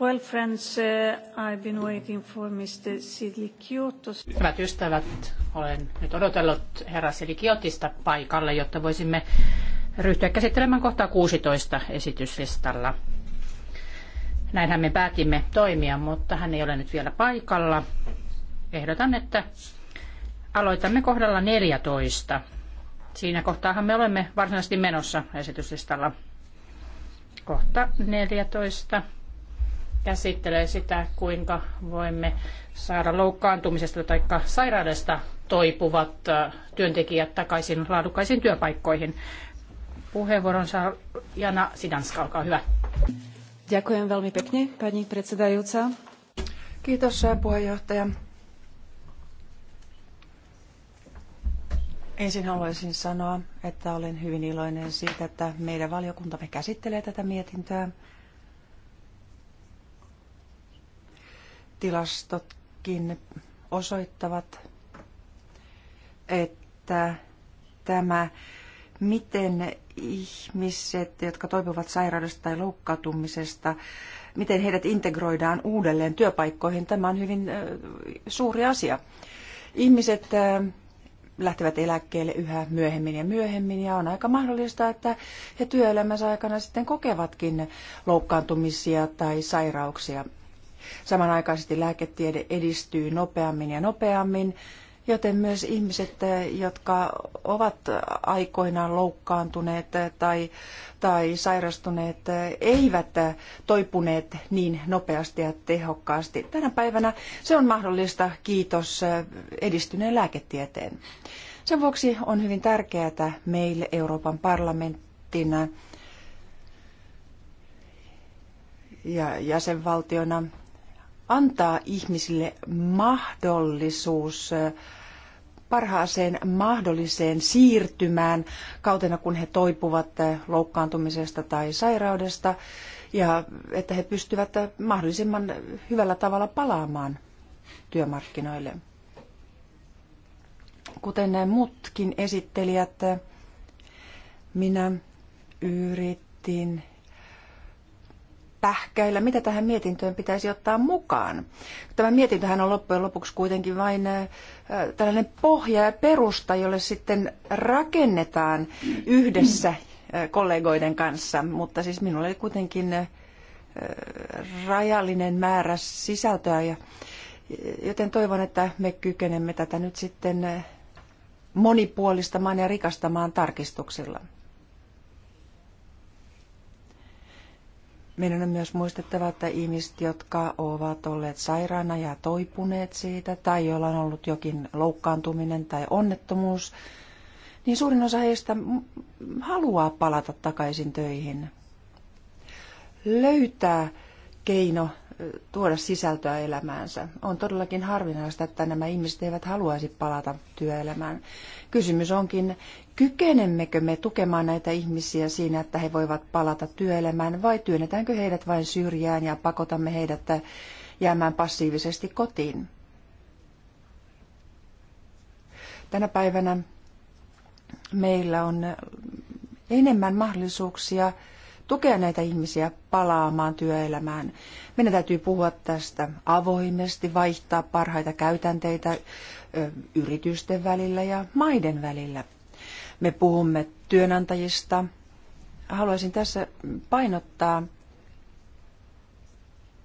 Well, friends, uh, I've been waiting for Mr. Hyvät ystävät, olen nyt odotellut herra Sidlikiotista paikalle, jotta voisimme ryhtyä käsittelemään kohtaa 16 esityslistalla. Näinhän me päätimme toimia, mutta hän ei ole nyt vielä paikalla. Ehdotan, että aloitamme kohdalla 14. Siinä kohtaahan me olemme varsinaisesti menossa esityslistalla. Kohta 14 käsittelee sitä, kuinka voimme saada loukkaantumisesta tai sairaudesta toipuvat työntekijät takaisin laadukkaisiin työpaikkoihin. Puheenvuoron saa Jana Sidanska, olkaa hyvä. Ďakujem velmi pekne, pani predsedajúca. Kiitos, puheenjohtaja. Ensin haluaisin sanoa, että olen hyvin iloinen siitä, että meidän valiokuntamme käsittelee tätä mietintöä tilastotkin osoittavat, että tämä, miten ihmiset, jotka toipuvat sairaudesta tai loukkaantumisesta, miten heidät integroidaan uudelleen työpaikkoihin, tämä on hyvin suuri asia. Ihmiset lähtevät eläkkeelle yhä myöhemmin ja myöhemmin ja on aika mahdollista, että he työelämänsä aikana sitten kokevatkin loukkaantumisia tai sairauksia. Samanaikaisesti lääketiede edistyy nopeammin ja nopeammin, joten myös ihmiset, jotka ovat aikoinaan loukkaantuneet tai, tai sairastuneet, eivät toipuneet niin nopeasti ja tehokkaasti. Tänä päivänä se on mahdollista kiitos edistyneen lääketieteen. Sen vuoksi on hyvin tärkeää meille Euroopan parlamenttina ja jäsenvaltiona antaa ihmisille mahdollisuus parhaaseen mahdolliseen siirtymään kautena, kun he toipuvat loukkaantumisesta tai sairaudesta, ja että he pystyvät mahdollisimman hyvällä tavalla palaamaan työmarkkinoille. Kuten muutkin esittelijät, minä yritin pähkäillä, mitä tähän mietintöön pitäisi ottaa mukaan. Tämä mietintöhän on loppujen lopuksi kuitenkin vain äh, tällainen pohja ja perusta, jolle sitten rakennetaan yhdessä äh, kollegoiden kanssa, mutta siis minulla oli kuitenkin äh, rajallinen määrä sisältöä, ja, joten toivon, että me kykenemme tätä nyt sitten monipuolistamaan ja rikastamaan tarkistuksilla. Meidän on myös muistettava, että ihmiset, jotka ovat olleet sairaana ja toipuneet siitä, tai joilla on ollut jokin loukkaantuminen tai onnettomuus, niin suurin osa heistä haluaa palata takaisin töihin. Löytää keino tuoda sisältöä elämäänsä. On todellakin harvinaista, että nämä ihmiset eivät haluaisi palata työelämään. Kysymys onkin, kykenemmekö me tukemaan näitä ihmisiä siinä, että he voivat palata työelämään, vai työnnetäänkö heidät vain syrjään ja pakotamme heidät jäämään passiivisesti kotiin? Tänä päivänä meillä on enemmän mahdollisuuksia tukea näitä ihmisiä palaamaan työelämään. Meidän täytyy puhua tästä avoimesti, vaihtaa parhaita käytänteitä yritysten välillä ja maiden välillä. Me puhumme työnantajista. Haluaisin tässä painottaa,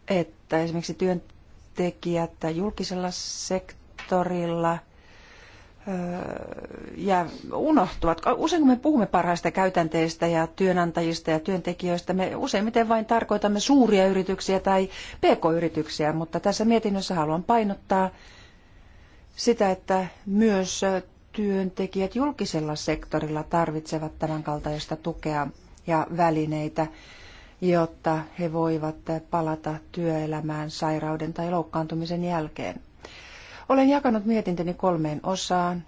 että esimerkiksi työntekijät julkisella sektorilla – Öö, ja unohtuvat. Usein kun me puhumme parhaista käytänteistä ja työnantajista ja työntekijöistä, me useimmiten vain tarkoitamme suuria yrityksiä tai pk-yrityksiä, mutta tässä mietinnössä haluan painottaa sitä, että myös työntekijät julkisella sektorilla tarvitsevat tämän kaltaista tukea ja välineitä, jotta he voivat palata työelämään sairauden tai loukkaantumisen jälkeen. Olen jakanut mietintöni kolmeen osaan,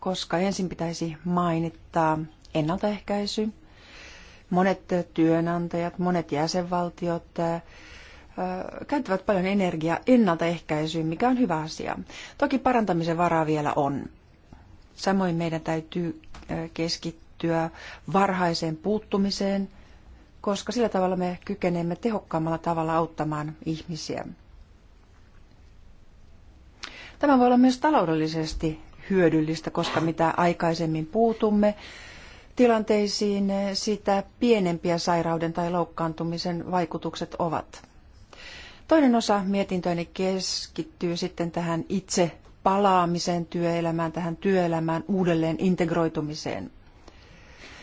koska ensin pitäisi mainittaa ennaltaehkäisy. Monet työnantajat, monet jäsenvaltiot käyttävät paljon energiaa ennaltaehkäisyyn, mikä on hyvä asia. Toki parantamisen varaa vielä on. Samoin meidän täytyy keskittyä varhaiseen puuttumiseen, koska sillä tavalla me kykenemme tehokkaammalla tavalla auttamaan ihmisiä. Tämä voi olla myös taloudellisesti hyödyllistä, koska mitä aikaisemmin puutumme tilanteisiin, sitä pienempiä sairauden tai loukkaantumisen vaikutukset ovat. Toinen osa mietintöäni keskittyy sitten tähän itse palaamiseen työelämään, tähän työelämään uudelleen integroitumiseen.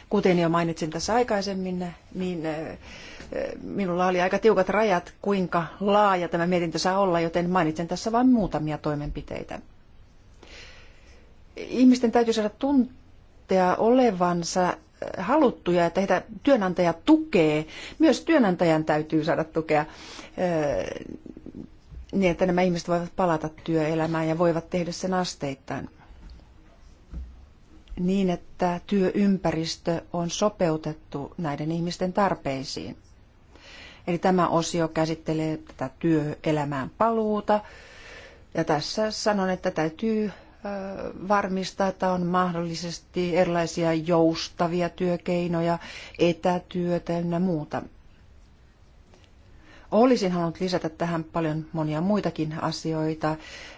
Kuten jo mainitsin tässä aikaisemmin, niin minulla oli aika tiukat rajat, kuinka laaja tämä mietintö saa olla, joten mainitsen tässä vain muutamia toimenpiteitä. Ihmisten täytyy saada tuntea olevansa haluttuja, että heitä työnantaja tukee. Myös työnantajan täytyy saada tukea eh, niin, että nämä ihmiset voivat palata työelämään ja voivat tehdä sen asteittain niin, että työympäristö on sopeutettu näiden ihmisten tarpeisiin. Eli tämä osio käsittelee tätä työelämään paluuta. Ja tässä sanon, että täytyy varmistaa, että on mahdollisesti erilaisia joustavia työkeinoja, etätyötä ja muuta. Olisin halunnut lisätä tähän paljon monia muitakin asioita,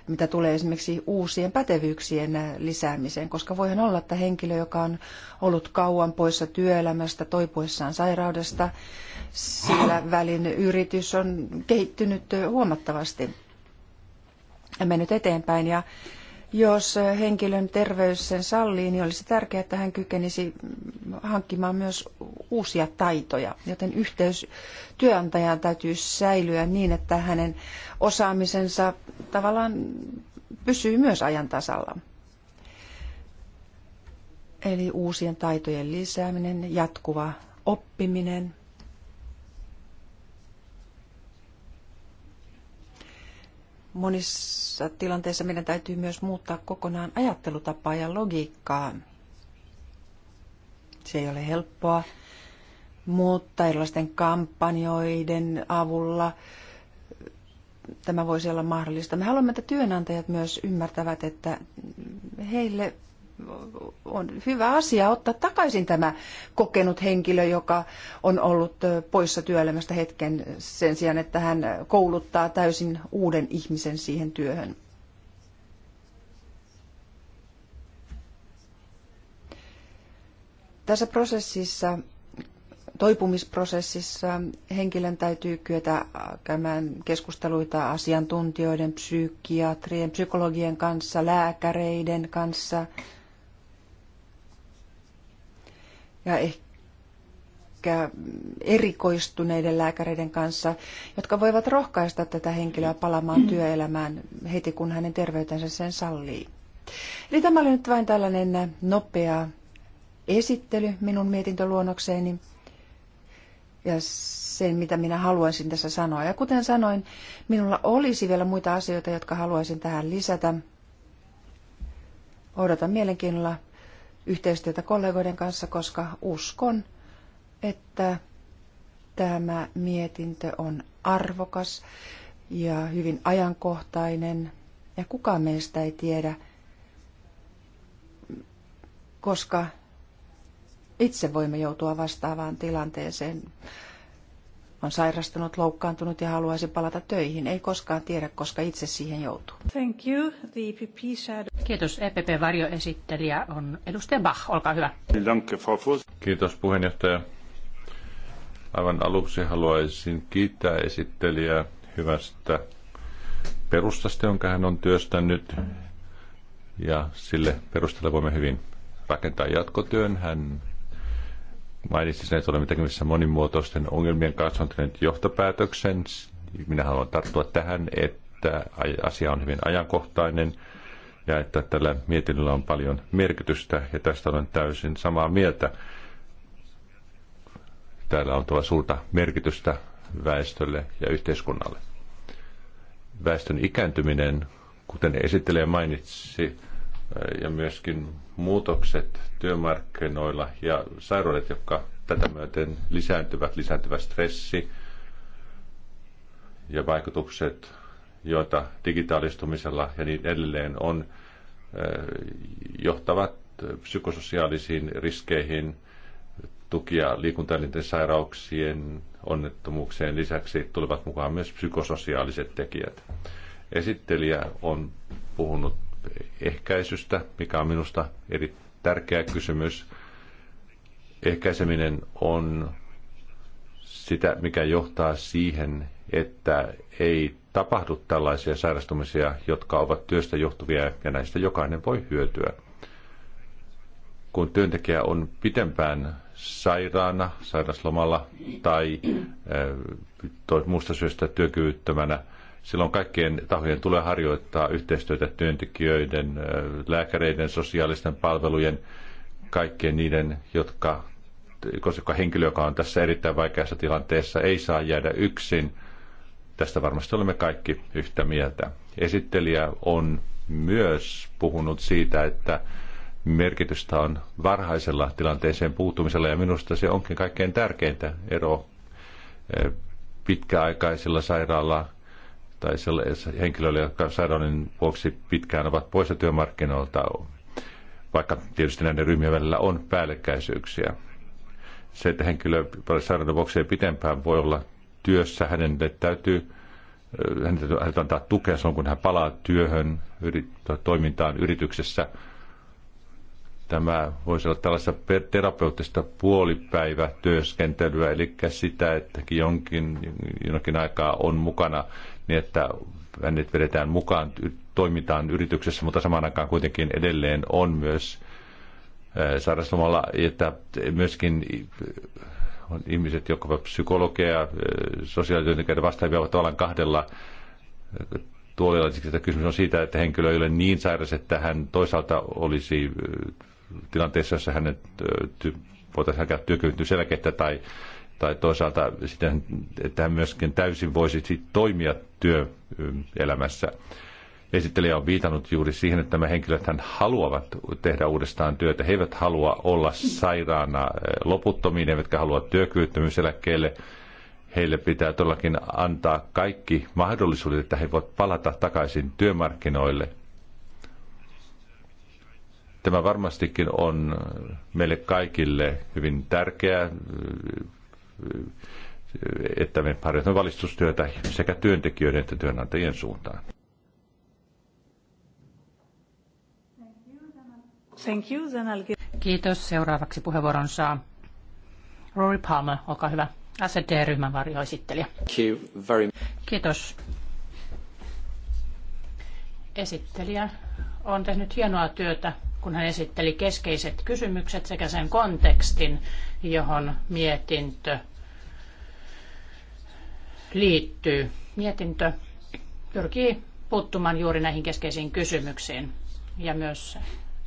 mitä tulee esimerkiksi uusien pätevyyksien lisäämiseen, koska voihan olla, että henkilö, joka on ollut kauan poissa työelämästä, toipuessaan sairaudesta, sillä välin yritys on kehittynyt huomattavasti ja mennyt eteenpäin ja jos henkilön terveys sen sallii, niin olisi tärkeää, että hän kykenisi hankkimaan myös uusia taitoja. Joten yhteys työnantajaan täytyy säilyä niin, että hänen osaamisensa tavallaan pysyy myös ajan tasalla. Eli uusien taitojen lisääminen, jatkuva oppiminen – monissa tilanteissa meidän täytyy myös muuttaa kokonaan ajattelutapaa ja logiikkaa. Se ei ole helppoa, mutta erilaisten kampanjoiden avulla tämä voisi olla mahdollista. Me haluamme, että työnantajat myös ymmärtävät, että heille on hyvä asia ottaa takaisin tämä kokenut henkilö, joka on ollut poissa työelämästä hetken sen sijaan, että hän kouluttaa täysin uuden ihmisen siihen työhön. Tässä prosessissa, toipumisprosessissa henkilön täytyy kyetä käymään keskusteluita asiantuntijoiden, psykiatrien, psykologien kanssa, lääkäreiden kanssa – ja ehkä erikoistuneiden lääkäreiden kanssa, jotka voivat rohkaista tätä henkilöä palaamaan mm. työelämään heti, kun hänen terveytensä sen sallii. Eli tämä oli nyt vain tällainen nopea esittely minun mietintöluonnokseeni ja sen, mitä minä haluaisin tässä sanoa. Ja kuten sanoin, minulla olisi vielä muita asioita, jotka haluaisin tähän lisätä. Odotan mielenkiinnolla yhteistyötä kollegoiden kanssa, koska uskon, että tämä mietintö on arvokas ja hyvin ajankohtainen. Ja kukaan meistä ei tiedä, koska itse voimme joutua vastaavaan tilanteeseen. On sairastunut, loukkaantunut ja haluaisi palata töihin. Ei koskaan tiedä, koska itse siihen joutuu. Thank you. The e Kiitos. EPP-varjoesittelijä on edustaja Bach. Olkaa hyvä. Kiitos puheenjohtaja. Aivan aluksi haluaisin kiittää esittelijää hyvästä perustasta, jonka hän on työstänyt. Ja sille perusteella voimme hyvin rakentaa jatkotyön. Hän mainitsi sen, että olemme tekemisissä monimuotoisten ongelmien kanssa on tehnyt johtopäätöksen. Minä haluan tarttua tähän, että asia on hyvin ajankohtainen – ja että tällä mietinnöllä on paljon merkitystä ja tästä olen täysin samaa mieltä. Täällä on tuolla suurta merkitystä väestölle ja yhteiskunnalle. Väestön ikääntyminen, kuten esittelijä mainitsi, ja myöskin muutokset työmarkkinoilla ja sairaudet, jotka tätä myöten lisääntyvät, lisääntyvä stressi ja vaikutukset joita digitaalistumisella ja niin edelleen on, johtavat psykososiaalisiin riskeihin, tukia liikuntaelinten sairauksien onnettomuuksien lisäksi tulevat mukaan myös psykososiaaliset tekijät. Esittelijä on puhunut ehkäisystä, mikä on minusta eri tärkeä kysymys. Ehkäiseminen on sitä, mikä johtaa siihen, että ei tapahdu tällaisia sairastumisia, jotka ovat työstä johtuvia ja näistä jokainen voi hyötyä. Kun työntekijä on pitempään sairaana, sairaslomalla tai äh, muusta syystä työkyvyttömänä, silloin kaikkien tahojen tulee harjoittaa yhteistyötä työntekijöiden, äh, lääkäreiden, sosiaalisten palvelujen, kaikkien niiden, jotka koska henkilö, joka on tässä erittäin vaikeassa tilanteessa, ei saa jäädä yksin Tästä varmasti olemme kaikki yhtä mieltä. Esittelijä on myös puhunut siitä, että merkitystä on varhaisella tilanteeseen puuttumisella ja minusta se onkin kaikkein tärkeintä ero e, pitkäaikaisilla sairaalla tai henkilöillä, jotka sairauden vuoksi pitkään ovat poissa työmarkkinoilta, vaikka tietysti näiden ryhmien välillä on päällekkäisyyksiä. Se, että henkilö sairauden vuoksi ei pitempään voi olla työssä, hänelle täytyy, äh, hänelle täytyy, hänelle antaa tukea silloin, kun hän palaa työhön, yrit, toimintaan yrityksessä. Tämä voisi olla tällaista terapeuttista puolipäivätyöskentelyä, eli sitä, että jonkin, jonkin aikaa on mukana niin, että hänet vedetään mukaan toimintaan yrityksessä, mutta samaan aikaan kuitenkin edelleen on myös äh, sairauslomalla, että myöskin ihmiset, jotka ovat psykologeja, eh, sosiaalityöntekijöitä vastaavia, ovat tavallaan kahdella eh, tuolilla. Siksi että kysymys on siitä, että henkilö ei ole niin sairas, että hän toisaalta olisi eh, tilanteessa, jossa hänet voitaisiin hakea työkyvyttömyyseläkettä tai, tai toisaalta sitä, että hän myöskin täysin voisi toimia työelämässä. Esittelijä on viitannut juuri siihen, että nämä henkilöt hän haluavat tehdä uudestaan työtä. He eivät halua olla sairaana eh, loputtomiin, eivätkä halua työkyvyttömyyseläkkeelle. Heille pitää todellakin antaa kaikki mahdollisuudet, että he voivat palata takaisin työmarkkinoille. Tämä varmastikin on meille kaikille hyvin tärkeää eh, eh, että me harjoitamme valistustyötä sekä työntekijöiden että työnantajien suuntaan. Thank you. Then I'll give... Kiitos. Seuraavaksi puheenvuoron saa Rory Palmer, olkaa hyvä. SD-ryhmän varjoesittelijä. Very... Kiitos. Esittelijä on tehnyt hienoa työtä, kun hän esitteli keskeiset kysymykset sekä sen kontekstin, johon mietintö liittyy. Mietintö pyrkii puuttumaan juuri näihin keskeisiin kysymyksiin ja myös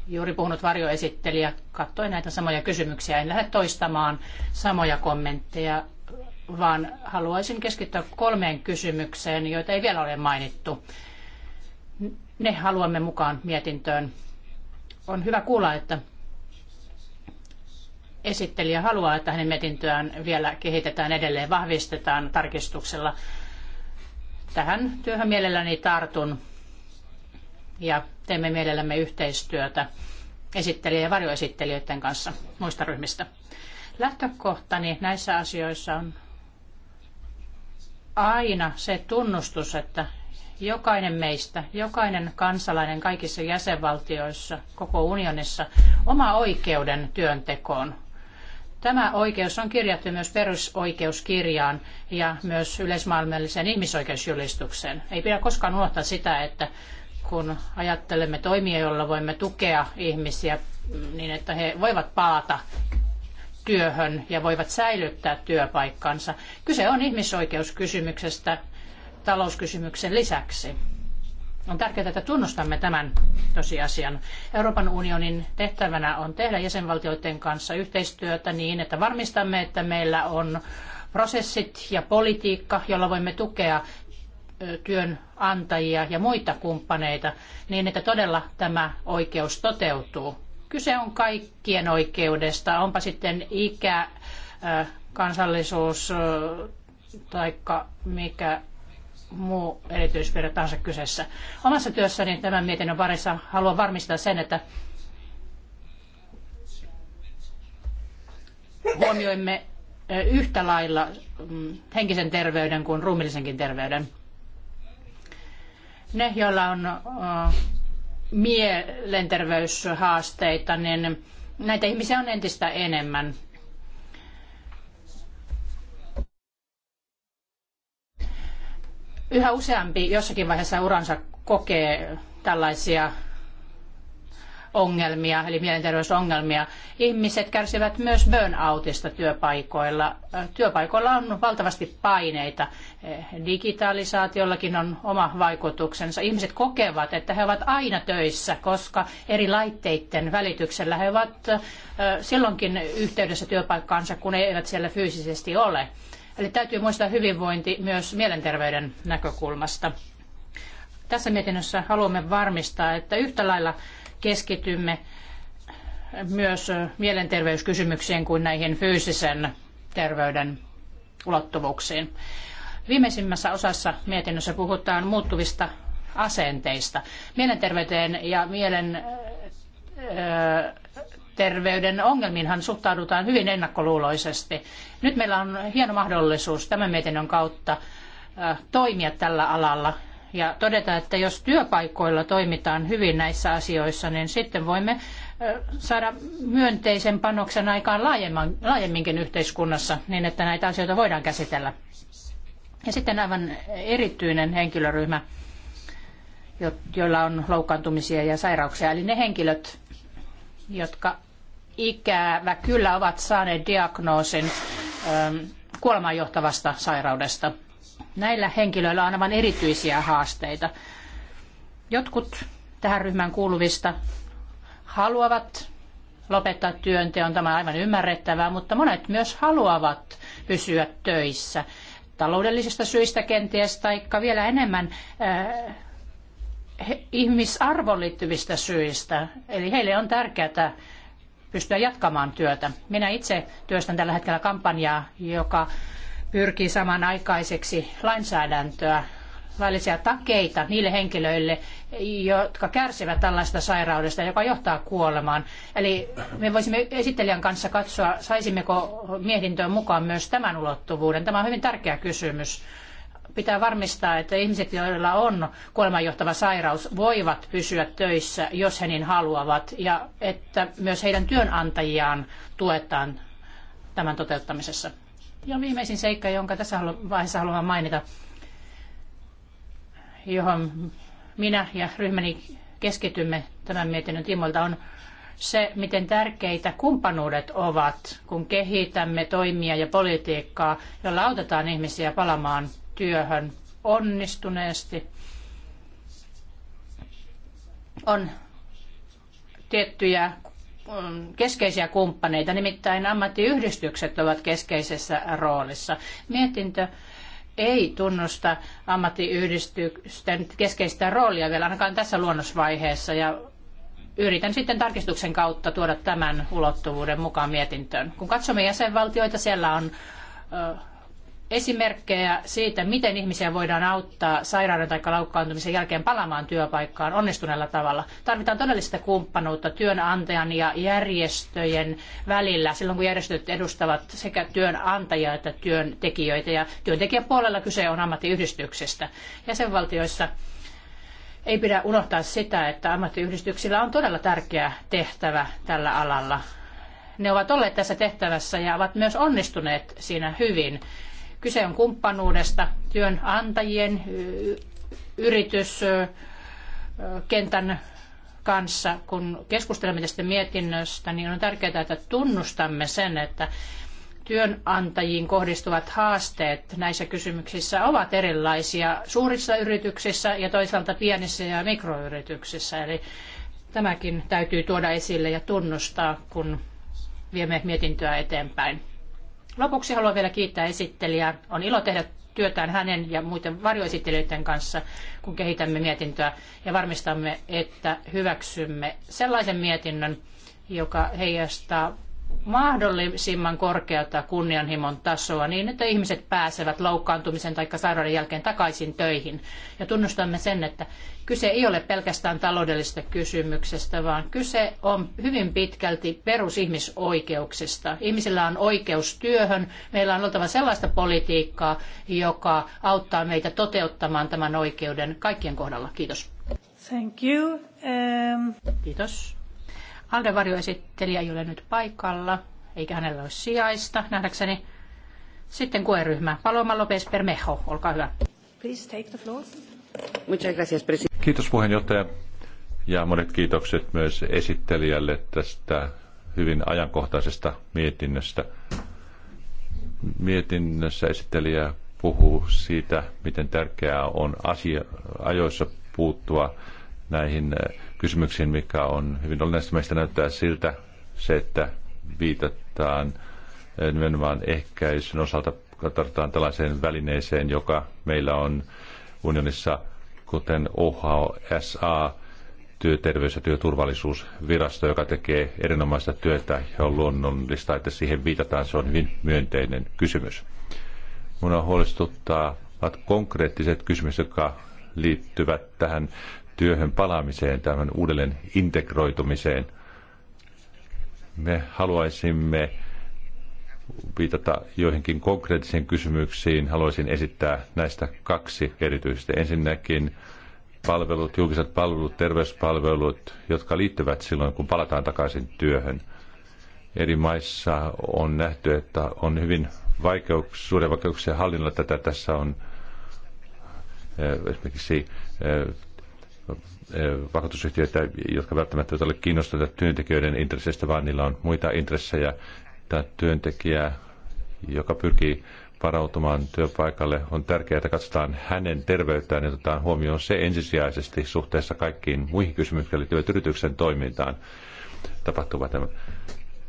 juuri puhunut varjoesittelijä katsoi näitä samoja kysymyksiä. En lähde toistamaan samoja kommentteja, vaan haluaisin keskittyä kolmeen kysymykseen, joita ei vielä ole mainittu. Ne haluamme mukaan mietintöön. On hyvä kuulla, että esittelijä haluaa, että hänen mietintöään vielä kehitetään edelleen, vahvistetaan tarkistuksella. Tähän työhön mielelläni tartun ja teemme mielellämme yhteistyötä esittelijä- ja varjoesittelijöiden kanssa muista ryhmistä. Lähtökohtani näissä asioissa on aina se tunnustus, että jokainen meistä, jokainen kansalainen kaikissa jäsenvaltioissa, koko unionissa, oma oikeuden työntekoon. Tämä oikeus on kirjattu myös perusoikeuskirjaan ja myös yleismaailmalliseen ihmisoikeusjulistukseen. Ei pidä koskaan unohtaa sitä, että kun ajattelemme toimia, joilla voimme tukea ihmisiä niin, että he voivat palata työhön ja voivat säilyttää työpaikkansa. Kyse on ihmisoikeuskysymyksestä talouskysymyksen lisäksi. On tärkeää, että tunnustamme tämän tosiasian. Euroopan unionin tehtävänä on tehdä jäsenvaltioiden kanssa yhteistyötä niin, että varmistamme, että meillä on prosessit ja politiikka, jolla voimme tukea työnantajia ja muita kumppaneita niin, että todella tämä oikeus toteutuu. Kyse on kaikkien oikeudesta, onpa sitten ikä, kansallisuus tai mikä muu erityisvirta tahansa kyseessä. Omassa työssäni tämän mietinnön parissa haluan varmistaa sen, että huomioimme yhtä lailla mm, henkisen terveyden kuin ruumillisenkin terveyden. Ne, joilla on mielenterveyshaasteita, niin näitä ihmisiä on entistä enemmän. Yhä useampi jossakin vaiheessa uransa kokee tällaisia ongelmia, eli mielenterveysongelmia. Ihmiset kärsivät myös burnoutista työpaikoilla. Työpaikoilla on valtavasti paineita. Digitalisaatiollakin on oma vaikutuksensa. Ihmiset kokevat, että he ovat aina töissä, koska eri laitteiden välityksellä he ovat silloinkin yhteydessä työpaikkaansa, kun he eivät siellä fyysisesti ole. Eli täytyy muistaa hyvinvointi myös mielenterveyden näkökulmasta. Tässä mietinnössä haluamme varmistaa, että yhtä lailla keskitymme myös mielenterveyskysymyksiin kuin näihin fyysisen terveyden ulottuvuuksiin. Viimeisimmässä osassa mietinnössä puhutaan muuttuvista asenteista. Mielenterveyteen ja mielen terveyden ongelmiinhan suhtaudutaan hyvin ennakkoluuloisesti. Nyt meillä on hieno mahdollisuus tämän mietinnön kautta toimia tällä alalla ja todeta, että jos työpaikoilla toimitaan hyvin näissä asioissa, niin sitten voimme saada myönteisen panoksen aikaan laajemman, laajemminkin yhteiskunnassa niin, että näitä asioita voidaan käsitellä. Ja sitten aivan erityinen henkilöryhmä, joilla on loukkaantumisia ja sairauksia, eli ne henkilöt, jotka ikävä kyllä ovat saaneet diagnoosin kuolemaan johtavasta sairaudesta – Näillä henkilöillä on aivan erityisiä haasteita. Jotkut tähän ryhmään kuuluvista haluavat lopettaa työnteon, tämä on aivan ymmärrettävää, mutta monet myös haluavat pysyä töissä taloudellisista syistä kenties, tai vielä enemmän äh, ihmisarvon liittyvistä syistä. Eli heille on tärkeää pystyä jatkamaan työtä. Minä itse työstän tällä hetkellä kampanjaa, joka pyrkii samanaikaiseksi lainsäädäntöä, laillisia takeita niille henkilöille, jotka kärsivät tällaista sairaudesta, joka johtaa kuolemaan. Eli me voisimme esittelijän kanssa katsoa, saisimmeko mietintöön mukaan myös tämän ulottuvuuden. Tämä on hyvin tärkeä kysymys. Pitää varmistaa, että ihmiset, joilla on kuolemanjohtava sairaus, voivat pysyä töissä, jos he niin haluavat, ja että myös heidän työnantajiaan tuetaan tämän toteuttamisessa. Ja viimeisin seikka, jonka tässä vaiheessa haluan mainita, johon minä ja ryhmäni keskitymme tämän mietinnön tiimoilta, on se, miten tärkeitä kumppanuudet ovat, kun kehitämme toimia ja politiikkaa, jolla autetaan ihmisiä palamaan työhön onnistuneesti. On tiettyjä keskeisiä kumppaneita, nimittäin ammattiyhdistykset ovat keskeisessä roolissa. Mietintö ei tunnusta ammattiyhdistysten keskeistä roolia vielä ainakaan tässä luonnosvaiheessa ja yritän sitten tarkistuksen kautta tuoda tämän ulottuvuuden mukaan mietintöön. Kun katsomme jäsenvaltioita, siellä on esimerkkejä siitä, miten ihmisiä voidaan auttaa sairauden tai laukkaantumisen jälkeen palaamaan työpaikkaan onnistuneella tavalla. Tarvitaan todellista kumppanuutta työnantajan ja järjestöjen välillä silloin, kun järjestöt edustavat sekä työnantajia että työntekijöitä. Ja työntekijäpuolella kyse on ammattiyhdistyksestä. Jäsenvaltioissa ei pidä unohtaa sitä, että ammattiyhdistyksillä on todella tärkeä tehtävä tällä alalla. Ne ovat olleet tässä tehtävässä ja ovat myös onnistuneet siinä hyvin. Kyse on kumppanuudesta työnantajien, yrityskentän kanssa. Kun keskustelemme tästä mietinnöstä, niin on tärkeää, että tunnustamme sen, että työnantajiin kohdistuvat haasteet näissä kysymyksissä ovat erilaisia suurissa yrityksissä ja toisaalta pienissä ja mikroyrityksissä. Eli tämäkin täytyy tuoda esille ja tunnustaa, kun viemme mietintöä eteenpäin. Lopuksi haluan vielä kiittää esittelijää. On ilo tehdä työtään hänen ja muiden varjoesittelijöiden kanssa, kun kehitämme mietintöä ja varmistamme, että hyväksymme sellaisen mietinnön, joka heijastaa mahdollisimman korkeata kunnianhimon tasoa niin, että ihmiset pääsevät loukkaantumisen tai sairauden jälkeen takaisin töihin. Ja tunnustamme sen, että kyse ei ole pelkästään taloudellisesta kysymyksestä, vaan kyse on hyvin pitkälti perusihmisoikeuksista. Ihmisillä on oikeus työhön, meillä on oltava sellaista politiikkaa, joka auttaa meitä toteuttamaan tämän oikeuden kaikkien kohdalla. Kiitos. Thank you. Um... Kiitos. Aldevarjo varjoesittelijä ei ole nyt paikalla, eikä hänellä ole sijaista nähdäkseni. Sitten koeryhmä. Paloma López Permejo, olkaa hyvä. Please take the floor. Kiitos puheenjohtaja ja monet kiitokset myös esittelijälle tästä hyvin ajankohtaisesta mietinnöstä. Mietinnössä esittelijä puhuu siitä, miten tärkeää on asia, ajoissa puuttua näihin kysymyksiin, mikä on hyvin olennaista. Meistä näyttää siltä se, että viitataan eh, nimenomaan ehkäisyn osalta, tarvitaan tällaiseen välineeseen, joka meillä on unionissa, kuten OHSA, työterveys- ja työturvallisuusvirasto, joka tekee erinomaista työtä ja on luonnollista, että siihen viitataan. Se on hyvin myönteinen kysymys. Minua huolestuttaa konkreettiset kysymykset, jotka liittyvät tähän työhön palaamiseen, tämän uudelleen integroitumiseen. Me haluaisimme viitata joihinkin konkreettisiin kysymyksiin. Haluaisin esittää näistä kaksi erityisesti. Ensinnäkin palvelut, julkiset palvelut, terveyspalvelut, jotka liittyvät silloin, kun palataan takaisin työhön. Eri maissa on nähty, että on hyvin vaikeuksia, suuria vaikeuksia hallinnolla tätä. Tässä on eh, esimerkiksi eh, Eh, vakuutusyhtiöitä, jotka välttämättä eivät ole kiinnostuneita työntekijöiden intresseistä, vaan niillä on muita intressejä. Tämä työntekijä, joka pyrkii varautumaan työpaikalle, on tärkeää, että katsotaan hänen terveyttään ja otetaan huomioon se ensisijaisesti suhteessa kaikkiin muihin kysymyksiin liittyvät yrityksen toimintaan. Tapahtuva tämä.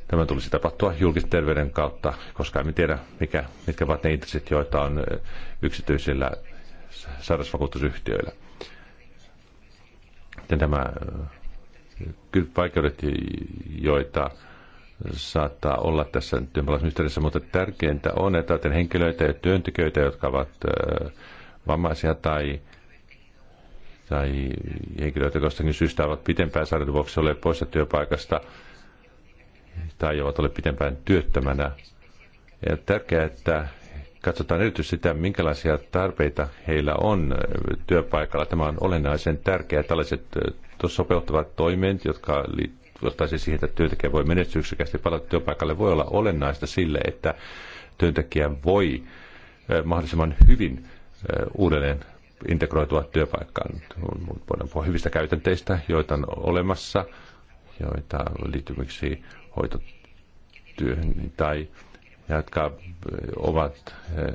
Tämä tulisi tapahtua julkisen terveyden kautta, koska emme tiedä, mikä, mitkä ovat ne intressit, joita on eh, yksityisillä sairausvakuutusyhtiöillä sitten tämä äh, vaikeudet, joita saattaa olla tässä työpalvelusministeriössä, mutta tärkeintä on, että henkilöitä ja työntekijöitä, jotka ovat äh, vammaisia tai, tai henkilöitä, jotka jostakin syystä ovat pitempään saaneet vuoksi olleet poissa työpaikasta tai ovat olleet pitempään työttömänä. Ja tärkeää, että katsotaan erityisesti sitä, minkälaisia tarpeita heillä on työpaikalla. Tämä on olennaisen tärkeää. Tällaiset sopeuttavat toimet, jotka liittyvät siihen, että työntekijä voi menestyksekästi palata työpaikalle, voi olla olennaista sille, että työntekijä voi mahdollisimman hyvin uudelleen integroitua työpaikkaan. Voidaan puhua hyvistä käytänteistä, joita on olemassa, joita liittyviksi hoitotyöhön tai jotka ovat, eh,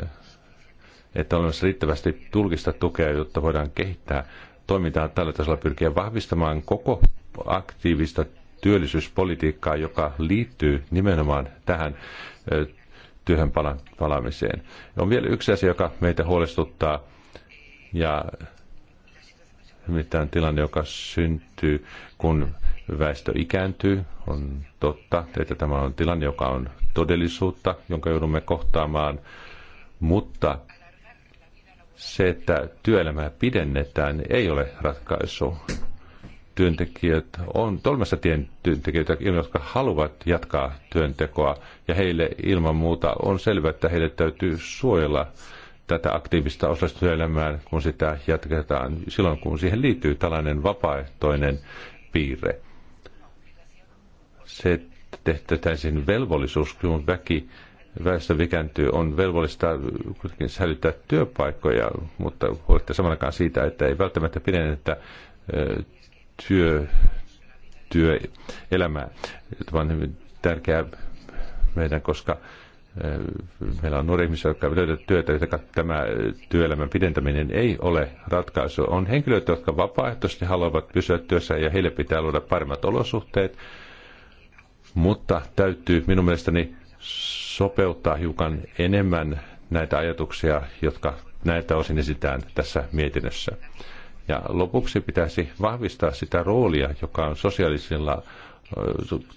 että on myös riittävästi tulkista tukea, jotta voidaan kehittää toimintaa tällä tasolla, pyrkiä vahvistamaan koko aktiivista työllisyyspolitiikkaa, joka liittyy nimenomaan tähän eh, työhön pala- palaamiseen. On vielä yksi asia, joka meitä huolestuttaa, ja mitään tilanne, joka syntyy, kun väestö ikääntyy. On totta, että tämä on tilanne, joka on todellisuutta, jonka joudumme kohtaamaan, mutta se, että työelämää pidennetään, ei ole ratkaisu. Työntekijät on tien työntekijöitä, jotka haluavat jatkaa työntekoa, ja heille ilman muuta on selvää, että heille täytyy suojella tätä aktiivista osallistumiselämään, kun sitä jatketaan silloin, kun siihen liittyy tällainen vapaaehtoinen piirre se tehtäisiin velvollisuus, kun väki väestö vikääntyy, on velvollista kuitenkin säilyttää työpaikkoja, mutta olette samanakaan siitä, että ei välttämättä pidennetä työ, työelämää. Tämä on hyvin tärkeää meidän, koska meillä on nuoria ihmisiä, jotka löytävät työtä, joten tämä työelämän pidentäminen ei ole ratkaisu. On henkilöitä, jotka vapaaehtoisesti haluavat pysyä työssä ja heille pitää luoda paremmat olosuhteet, mutta täytyy minun mielestäni sopeuttaa hiukan enemmän näitä ajatuksia, jotka näitä osin esitään tässä mietinnössä. Ja lopuksi pitäisi vahvistaa sitä roolia, joka on sosiaalisilla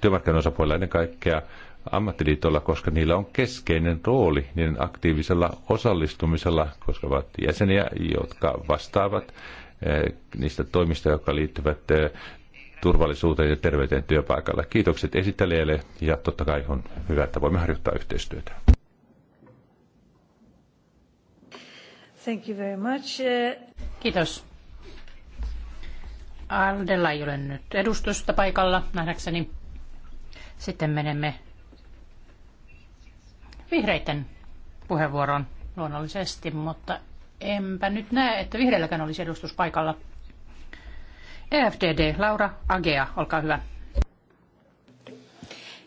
työmarkkinoiden osapuolilla ennen kaikkea ammattiliitolla, koska niillä on keskeinen rooli niiden aktiivisella osallistumisella, koska ovat jäseniä, jotka vastaavat niistä toimista, jotka liittyvät turvallisuuteen ja terveyteen työpaikalla. Kiitokset esittelijälle ja totta kai on hyvä, että voimme harjoittaa yhteistyötä. Thank you very much. Kiitos. Aldella ei ole nyt edustusta paikalla nähdäkseni. Sitten menemme vihreiden puheenvuoroon luonnollisesti, mutta enpä nyt näe, että vihreilläkään olisi edustus paikalla. EFDD, Laura Agea, olkaa hyvä.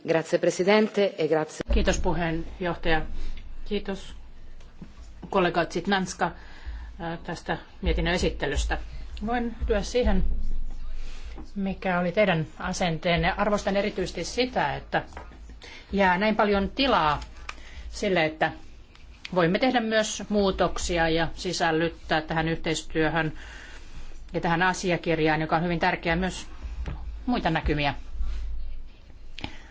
Grazie presidente e grazie. Kiitos puheenjohtaja. Kiitos kollega Zitnanska äh, tästä mietinnön esittelystä. Voin yhtyä siihen, mikä oli teidän asenteenne. Arvostan erityisesti sitä, että jää näin paljon tilaa sille, että voimme tehdä myös muutoksia ja sisällyttää tähän yhteistyöhön ja tähän asiakirjaan, joka on hyvin tärkeä myös muita näkymiä.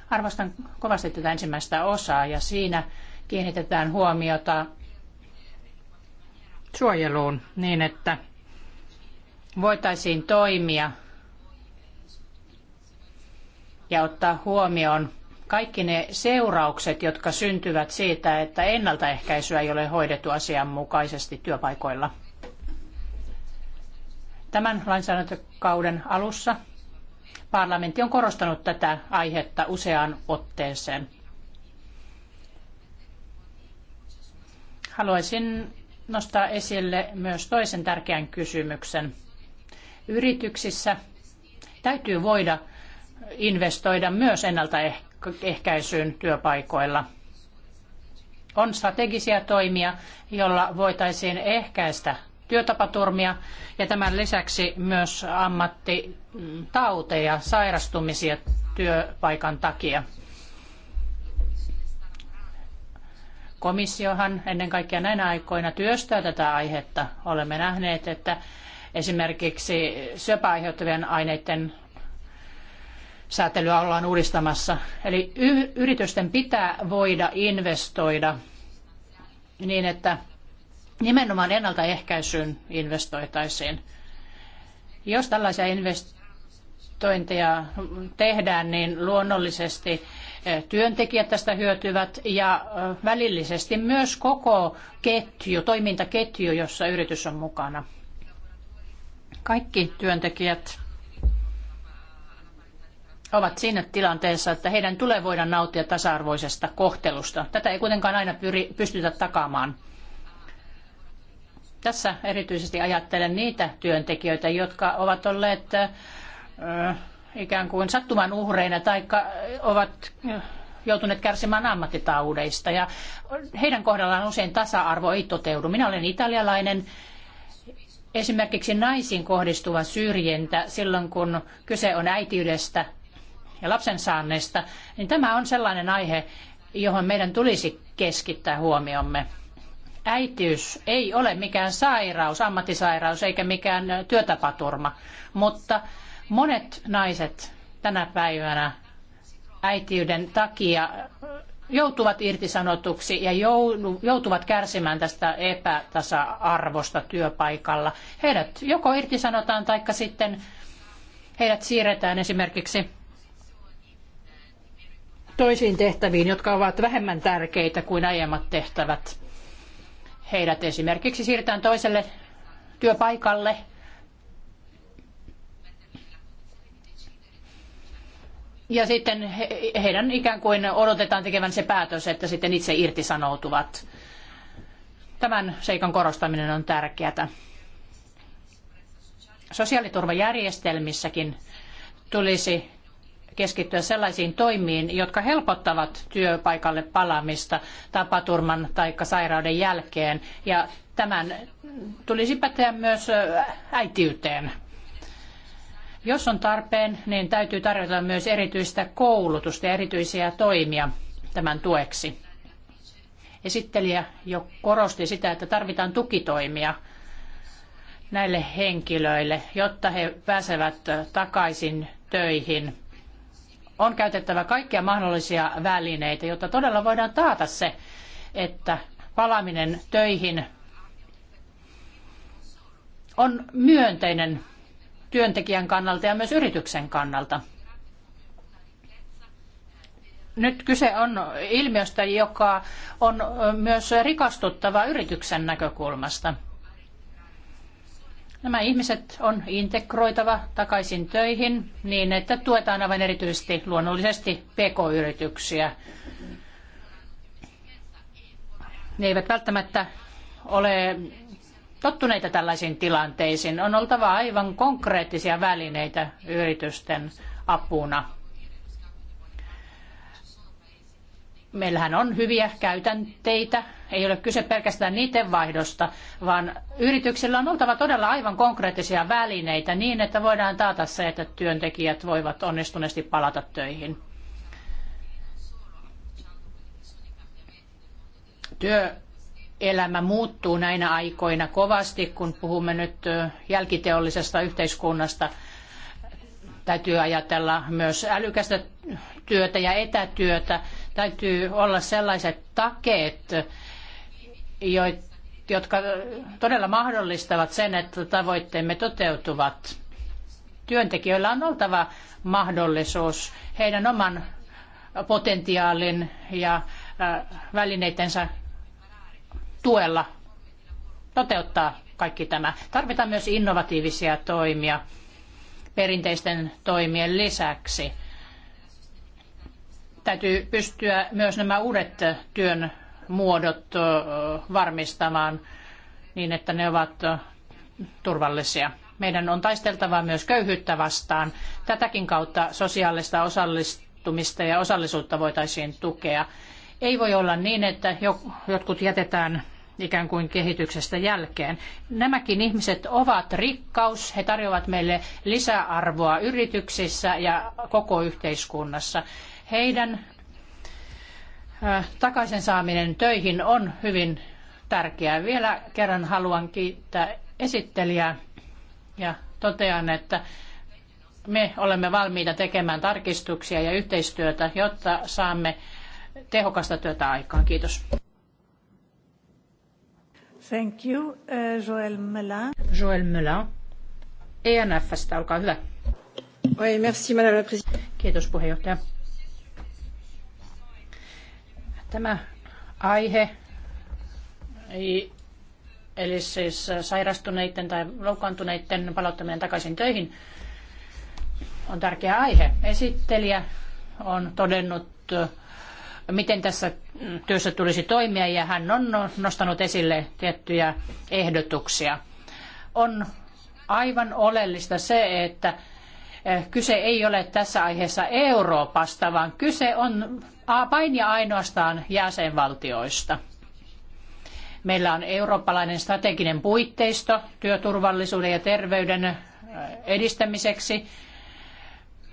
Arvostan kovasti tätä ensimmäistä osaa ja siinä kiinnitetään huomiota suojeluun niin, että voitaisiin toimia ja ottaa huomioon kaikki ne seuraukset, jotka syntyvät siitä, että ennaltaehkäisyä ei ole hoidettu asianmukaisesti työpaikoilla. Tämän lainsäädäntökauden alussa parlamentti on korostanut tätä aihetta useaan otteeseen. Haluaisin nostaa esille myös toisen tärkeän kysymyksen. Yrityksissä täytyy voida investoida myös ennaltaehkäisyyn työpaikoilla. On strategisia toimia, joilla voitaisiin ehkäistä työtapaturmia ja tämän lisäksi myös ammattitauteja, sairastumisia työpaikan takia. Komissiohan ennen kaikkea näinä aikoina työstää tätä aihetta. Olemme nähneet, että esimerkiksi syöpäaiheuttavien aineiden säätelyä ollaan uudistamassa. Eli yritysten pitää voida investoida niin, että nimenomaan ennaltaehkäisyyn investoitaisiin. Jos tällaisia investointeja tehdään, niin luonnollisesti eh, työntekijät tästä hyötyvät ja eh, välillisesti myös koko ketju, toimintaketju, jossa yritys on mukana. Kaikki työntekijät ovat siinä tilanteessa, että heidän tulee voida nauttia tasa-arvoisesta kohtelusta. Tätä ei kuitenkaan aina pystytä takaamaan. Tässä erityisesti ajattelen niitä työntekijöitä, jotka ovat olleet ikään kuin sattuman uhreina tai ovat joutuneet kärsimään ammattitaudeista. Ja heidän kohdallaan usein tasa-arvo ei toteudu. Minä olen italialainen. Esimerkiksi naisiin kohdistuva syrjintä silloin, kun kyse on äitiydestä ja lapsen saanneesta, niin tämä on sellainen aihe, johon meidän tulisi keskittää huomiomme äitiys ei ole mikään sairaus, ammattisairaus eikä mikään työtapaturma, mutta monet naiset tänä päivänä äitiyden takia joutuvat irtisanotuksi ja joutuvat kärsimään tästä epätasa-arvosta työpaikalla. Heidät joko irtisanotaan tai sitten heidät siirretään esimerkiksi toisiin tehtäviin, jotka ovat vähemmän tärkeitä kuin aiemmat tehtävät. Heidät esimerkiksi siirretään toiselle työpaikalle. Ja sitten heidän ikään kuin odotetaan tekevän se päätös, että sitten itse irtisanoutuvat. Tämän seikan korostaminen on tärkeää. Sosiaaliturvajärjestelmissäkin tulisi keskittyä sellaisiin toimiin, jotka helpottavat työpaikalle palaamista tapaturman tai sairauden jälkeen. Ja tämän tulisi päteä myös äitiyteen. Jos on tarpeen, niin täytyy tarjota myös erityistä koulutusta ja erityisiä toimia tämän tueksi. Esittelijä jo korosti sitä, että tarvitaan tukitoimia näille henkilöille, jotta he pääsevät takaisin töihin on käytettävä kaikkia mahdollisia välineitä, jotta todella voidaan taata se, että palaaminen töihin on myönteinen työntekijän kannalta ja myös yrityksen kannalta. Nyt kyse on ilmiöstä, joka on myös rikastuttava yrityksen näkökulmasta – Nämä ihmiset on integroitava takaisin töihin niin, että tuetaan aivan erityisesti luonnollisesti pk-yrityksiä. Ne eivät välttämättä ole tottuneita tällaisiin tilanteisiin. On oltava aivan konkreettisia välineitä yritysten apuna. Meillähän on hyviä käytänteitä. Ei ole kyse pelkästään niiden vaihdosta, vaan yrityksillä on oltava todella aivan konkreettisia välineitä niin, että voidaan taata se, että työntekijät voivat onnistuneesti palata töihin. Työelämä muuttuu näinä aikoina kovasti, kun puhumme nyt jälkiteollisesta yhteiskunnasta täytyy ajatella myös älykästä työtä ja etätyötä. Täytyy olla sellaiset takeet, jotka todella mahdollistavat sen, että tavoitteemme toteutuvat. Työntekijöillä on oltava mahdollisuus heidän oman potentiaalin ja välineitensä tuella toteuttaa kaikki tämä. Tarvitaan myös innovatiivisia toimia perinteisten toimien lisäksi. Täytyy pystyä myös nämä uudet työn muodot varmistamaan niin, että ne ovat turvallisia. Meidän on taisteltava myös köyhyyttä vastaan. Tätäkin kautta sosiaalista osallistumista ja osallisuutta voitaisiin tukea. Ei voi olla niin, että jotkut jätetään ikään kuin kehityksestä jälkeen. Nämäkin ihmiset ovat rikkaus, he tarjoavat meille lisäarvoa yrityksissä ja koko yhteiskunnassa. Heidän takaisin saaminen töihin on hyvin tärkeää. Vielä kerran haluan kiittää esittelijää ja totean, että me olemme valmiita tekemään tarkistuksia ja yhteistyötä, jotta saamme tehokasta työtä aikaan. Kiitos. Thank you, uh, Joël Melin. Joël Melin. ENFstä, olkaa hyvä. Oui, merci, madame la Présidente. Kiitos puheenjohtaja. Tämä aihe, eli siis sairastuneiden tai loukkaantuneiden palauttaminen takaisin töihin, on tärkeä aihe. Esittelijä on todennut, miten tässä työssä tulisi toimia, ja hän on nostanut esille tiettyjä ehdotuksia. On aivan oleellista se, että eh, kyse ei ole tässä aiheessa Euroopasta, vaan kyse on vain ja ainoastaan jäsenvaltioista. Meillä on eurooppalainen strateginen puitteisto työturvallisuuden ja terveyden edistämiseksi.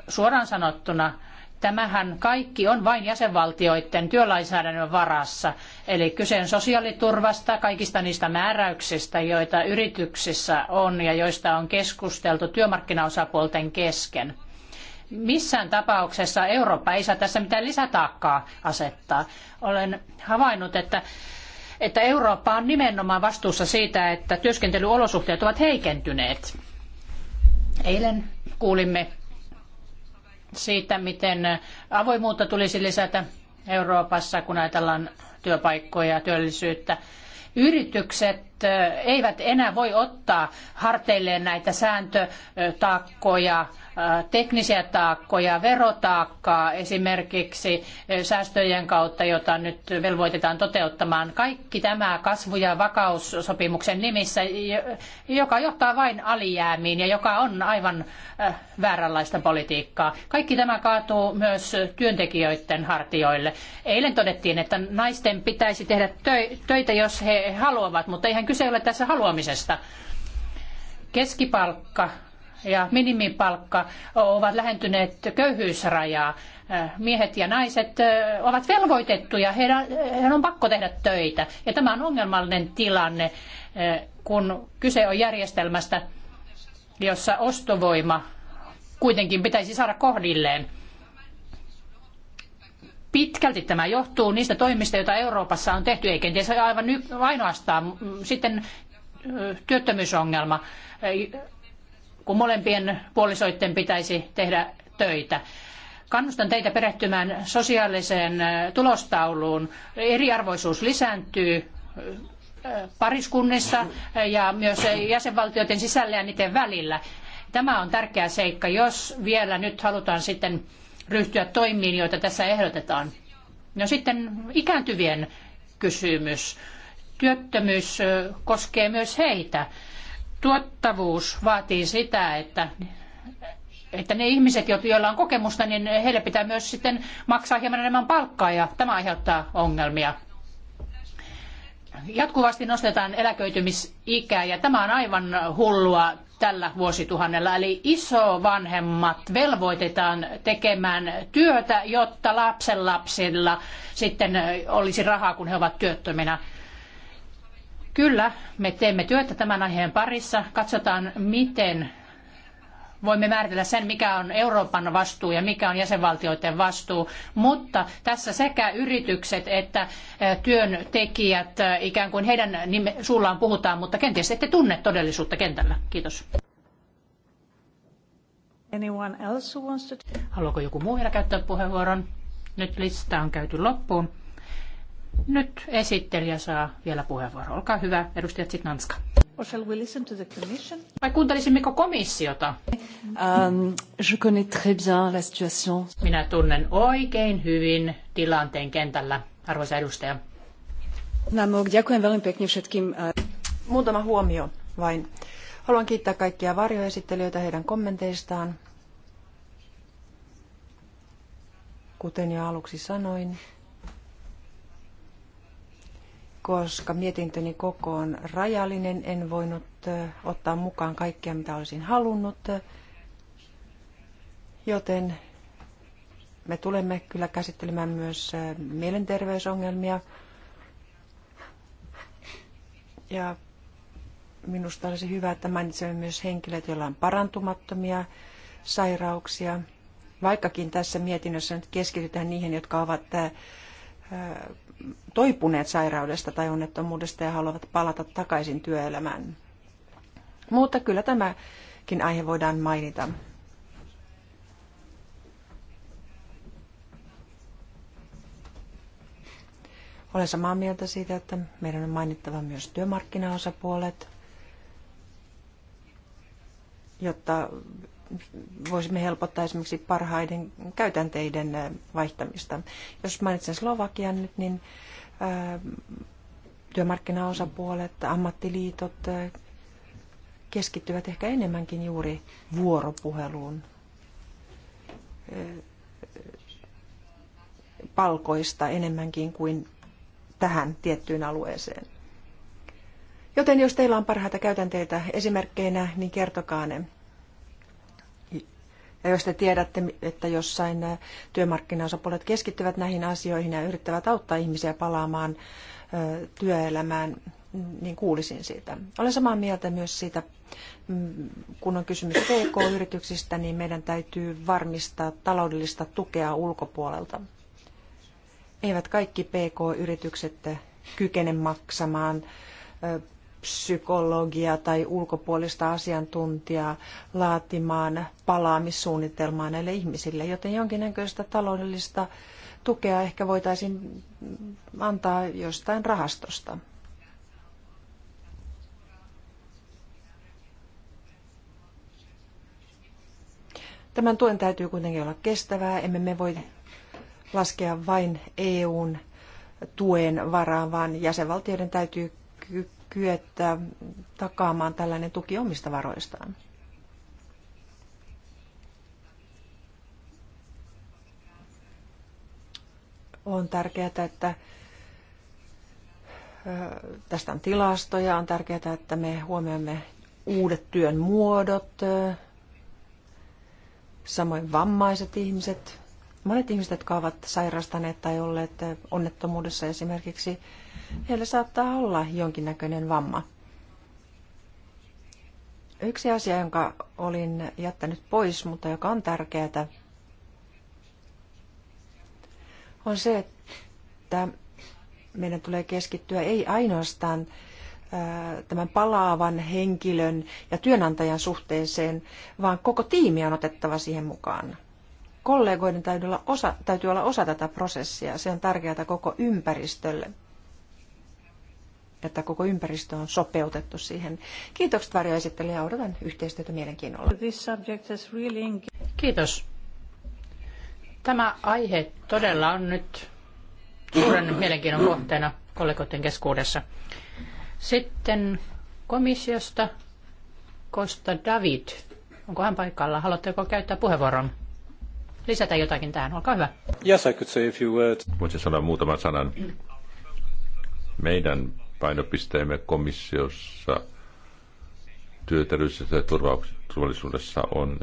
Suoraan sanottuna tämähän kaikki on vain jäsenvaltioiden työlainsäädännön varassa. Eli kyse on sosiaaliturvasta, kaikista niistä määräyksistä, joita yrityksissä on ja joista on keskusteltu työmarkkinaosapuolten kesken. Missään tapauksessa Eurooppa ei saa tässä mitään lisätaakkaa asettaa. Olen havainnut, että että Eurooppa on nimenomaan vastuussa siitä, että työskentelyolosuhteet ovat heikentyneet. Eilen kuulimme siitä, miten avoimuutta tulisi lisätä Euroopassa, kun ajatellaan työpaikkoja ja työllisyyttä. Yritykset eivät enää voi ottaa harteilleen näitä sääntötaakkoja, teknisiä taakkoja, verotaakkaa esimerkiksi säästöjen kautta, jota nyt velvoitetaan toteuttamaan. Kaikki tämä kasvu- ja vakaussopimuksen nimissä, joka johtaa vain alijäämiin ja joka on aivan vääränlaista politiikkaa. Kaikki tämä kaatuu myös työntekijöiden hartioille. Eilen todettiin, että naisten pitäisi tehdä töitä, jos he haluavat, mutta eihän joten kyse ei ole tässä haluamisesta. Keskipalkka ja minimipalkka ovat lähentyneet köyhyysrajaa. Miehet ja naiset ovat velvoitettuja, heidän on pakko tehdä töitä. Ja tämä on ongelmallinen tilanne, kun kyse on järjestelmästä, jossa ostovoima kuitenkin pitäisi saada kohdilleen pitkälti tämä johtuu niistä toimista, joita Euroopassa on tehty, ei kenties aivan ny- ainoastaan. Mm, sitten työttömyysongelma, kun molempien puolisoiden pitäisi tehdä töitä. Kannustan teitä perehtymään sosiaaliseen tulostauluun. Eriarvoisuus lisääntyy pariskunnissa ja myös jäsenvaltioiden sisällä ja niiden välillä. Tämä on tärkeä seikka, jos vielä nyt halutaan sitten ryhtyä toimiin, joita tässä ehdotetaan. No sitten ikääntyvien kysymys. Työttömyys koskee myös heitä. Tuottavuus vaatii sitä, että, että ne ihmiset, joilla on kokemusta, niin heille pitää myös sitten maksaa hieman enemmän palkkaa ja tämä aiheuttaa ongelmia. Jatkuvasti nostetaan eläköitymisikää ja tämä on aivan hullua tällä vuosituhannella. Eli isovanhemmat velvoitetaan tekemään työtä, jotta lapsenlapsilla sitten olisi rahaa, kun he ovat työttöminä. Kyllä, me teemme työtä tämän aiheen parissa. Katsotaan, miten voimme määritellä sen, mikä on Euroopan vastuu ja mikä on jäsenvaltioiden vastuu, mutta tässä sekä yritykset että työntekijät, ikään kuin heidän nime, suullaan puhutaan, mutta kenties ette tunne todellisuutta kentällä. Kiitos. Anyone else who wants to... Haluaako joku muu vielä käyttää puheenvuoron? Nyt lista on käyty loppuun. Nyt esittelijä saa vielä puheenvuoron. Olkaa hyvä, edustaja Tsitnanska. Or shall we listen to the commission? Vai kuuntelisimmeko komissiota? Um, je connais très bien la situation. Minä tunnen oikein hyvin tilanteen kentällä, arvoisa edustaja. Muutama huomio vain. Haluan kiittää kaikkia varjoesittelijöitä heidän kommenteistaan. Kuten jo aluksi sanoin, koska mietintöni koko on rajallinen, en voinut ottaa mukaan kaikkea, mitä olisin halunnut. Joten me tulemme kyllä käsittelemään myös mielenterveysongelmia. Ja minusta olisi hyvä, että mainitsemme myös henkilöt, joilla on parantumattomia sairauksia, vaikkakin tässä mietinnössä nyt keskitytään niihin, jotka ovat toipuneet sairaudesta tai onnettomuudesta ja haluavat palata takaisin työelämään. Mutta kyllä tämäkin aihe voidaan mainita. Olen samaa mieltä siitä, että meidän on mainittava myös työmarkkinaosapuolet, jotta voisimme helpottaa esimerkiksi parhaiden käytänteiden äh, vaihtamista. Jos mainitsen Slovakian nyt, niin äh, työmarkkinaosapuolet, ammattiliitot äh, keskittyvät ehkä enemmänkin juuri vuoropuheluun palkoista enemmänkin kuin tähän tiettyyn alueeseen. Joten jos teillä on parhaita käytänteitä esimerkkeinä, niin kertokaa ne. Ja jos te tiedätte, että jossain äh, työmarkkinaosapuolet keskittyvät näihin asioihin ja yrittävät auttaa ihmisiä palaamaan äh, työelämään, niin kuulisin siitä. Olen samaa mieltä myös siitä, mm, kun on kysymys PK-yrityksistä, niin meidän täytyy varmistaa taloudellista tukea ulkopuolelta. Eivät kaikki PK-yritykset kykene maksamaan äh, psykologia tai ulkopuolista asiantuntijaa laatimaan palaamissuunnitelmaa näille ihmisille, joten jonkinnäköistä taloudellista tukea ehkä voitaisiin antaa jostain rahastosta. Tämän tuen täytyy kuitenkin olla kestävää. Emme me voi laskea vain EUn tuen varaan, vaan jäsenvaltioiden täytyy kyettä takaamaan tällainen tuki omista varoistaan. On tärkeää, että tästä on tilastoja, on tärkeää, että me huomioimme uudet työn muodot, samoin vammaiset ihmiset, monet ihmiset, jotka ovat sairastaneet tai olleet onnettomuudessa esimerkiksi, heillä saattaa olla jonkinnäköinen vamma. Yksi asia, jonka olin jättänyt pois, mutta joka on tärkeää, on se, että meidän tulee keskittyä ei ainoastaan tämän palaavan henkilön ja työnantajan suhteeseen, vaan koko tiimi on otettava siihen mukaan. Kollegoiden täytyy olla osa, täytyy olla osa tätä prosessia. Se on tärkeää koko ympäristölle että koko ympäristö on sopeutettu siihen. Kiitokset varjoesittelijä, odotan yhteistyötä mielenkiinnolla. Kiitos. Tämä aihe todella on nyt suuren mielenkiinnon kohteena kollegoiden keskuudessa. Sitten komissiosta Costa David. Onko hän paikalla? Haluatteko käyttää puheenvuoron? Lisätä jotakin tähän, olkaa hyvä. Yes, I could say a few words. Voisin sanoa muutaman sanan. Meidän painopisteemme komissiossa työterveydessä ja turvallisuudessa on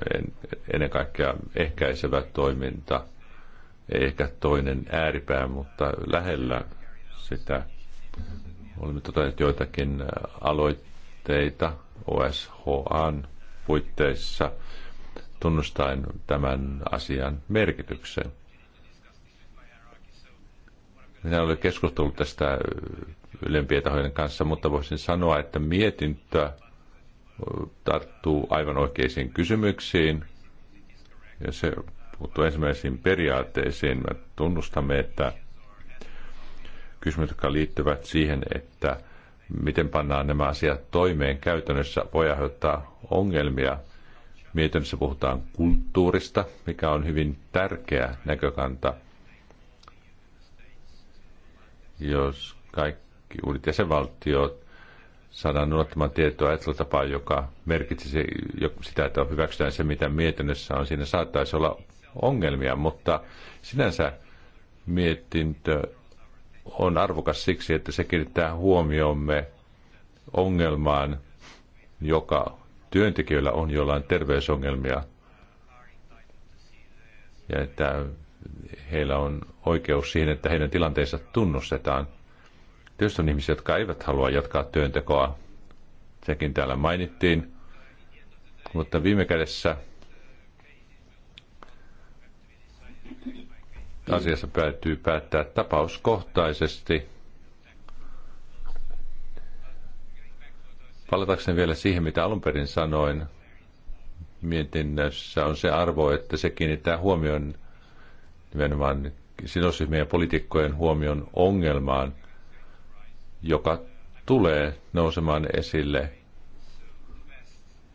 ennen kaikkea ehkäisevä toiminta, ei ehkä toinen ääripää, mutta lähellä sitä. Olemme todenneet joitakin aloitteita OSHAn puitteissa tunnustaen tämän asian merkityksen. Minä olen keskustellut tästä ylempien tahojen kanssa, mutta voisin sanoa, että mietintö tarttuu aivan oikeisiin kysymyksiin ja se puuttuu ensimmäisiin periaatteisiin. Me tunnustamme, että kysymykset, jotka liittyvät siihen, että miten pannaan nämä asiat toimeen käytännössä, voi aiheuttaa ongelmia. Mietinnössä puhutaan kulttuurista, mikä on hyvin tärkeä näkökanta. Jos kaikki uudet jäsenvaltiot saadaan noudattamaan tietoa ajattelutapaa, joka merkitsisi sitä, että hyväksytään se, mitä mietinnössä on. Siinä saattaisi olla ongelmia, mutta sinänsä mietintö on arvokas siksi, että se kiinnittää huomiomme ongelmaan, joka työntekijöillä on jollain terveysongelmia ja että heillä on oikeus siihen, että heidän tilanteensa tunnustetaan – Tietysti on ihmisiä, jotka eivät halua jatkaa työntekoa. Sekin täällä mainittiin. Mutta viime kädessä asiassa päätyy päättää tapauskohtaisesti. Palatakseni vielä siihen, mitä alun perin sanoin. Mietinnössä on se arvo, että se kiinnittää huomion nimenomaan sidosryhmien ja poliitikkojen huomion ongelmaan, joka tulee nousemaan esille.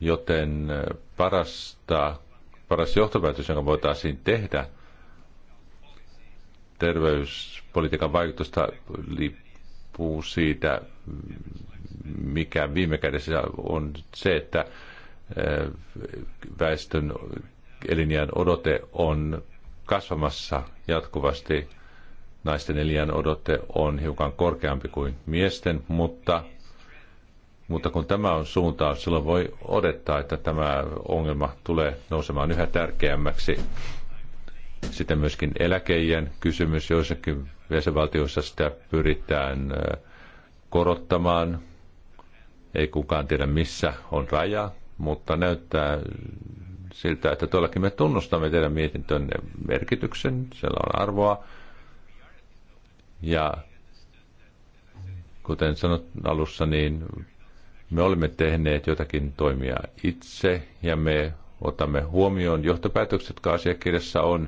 Joten parasta, paras johtopäätös, jonka voitaisiin tehdä terveyspolitiikan vaikutusta liippuu siitä, mikä viime kädessä on se, että väestön elinjään odote on kasvamassa jatkuvasti – naisten elijän odotte on hiukan korkeampi kuin miesten, mutta, mutta kun tämä on suuntaus, silloin voi odottaa, että tämä ongelma tulee nousemaan yhä tärkeämmäksi. Sitten myöskin eläkeijän kysymys, joissakin jäsenvaltioissa sitä pyritään korottamaan. Ei kukaan tiedä missä on raja, mutta näyttää siltä, että todellakin me tunnustamme teidän mietintönne merkityksen, siellä on arvoa ja kuten sanot alussa, niin me olemme tehneet jotakin toimia itse ja me otamme huomioon johtopäätökset, jotka asiakirjassa on,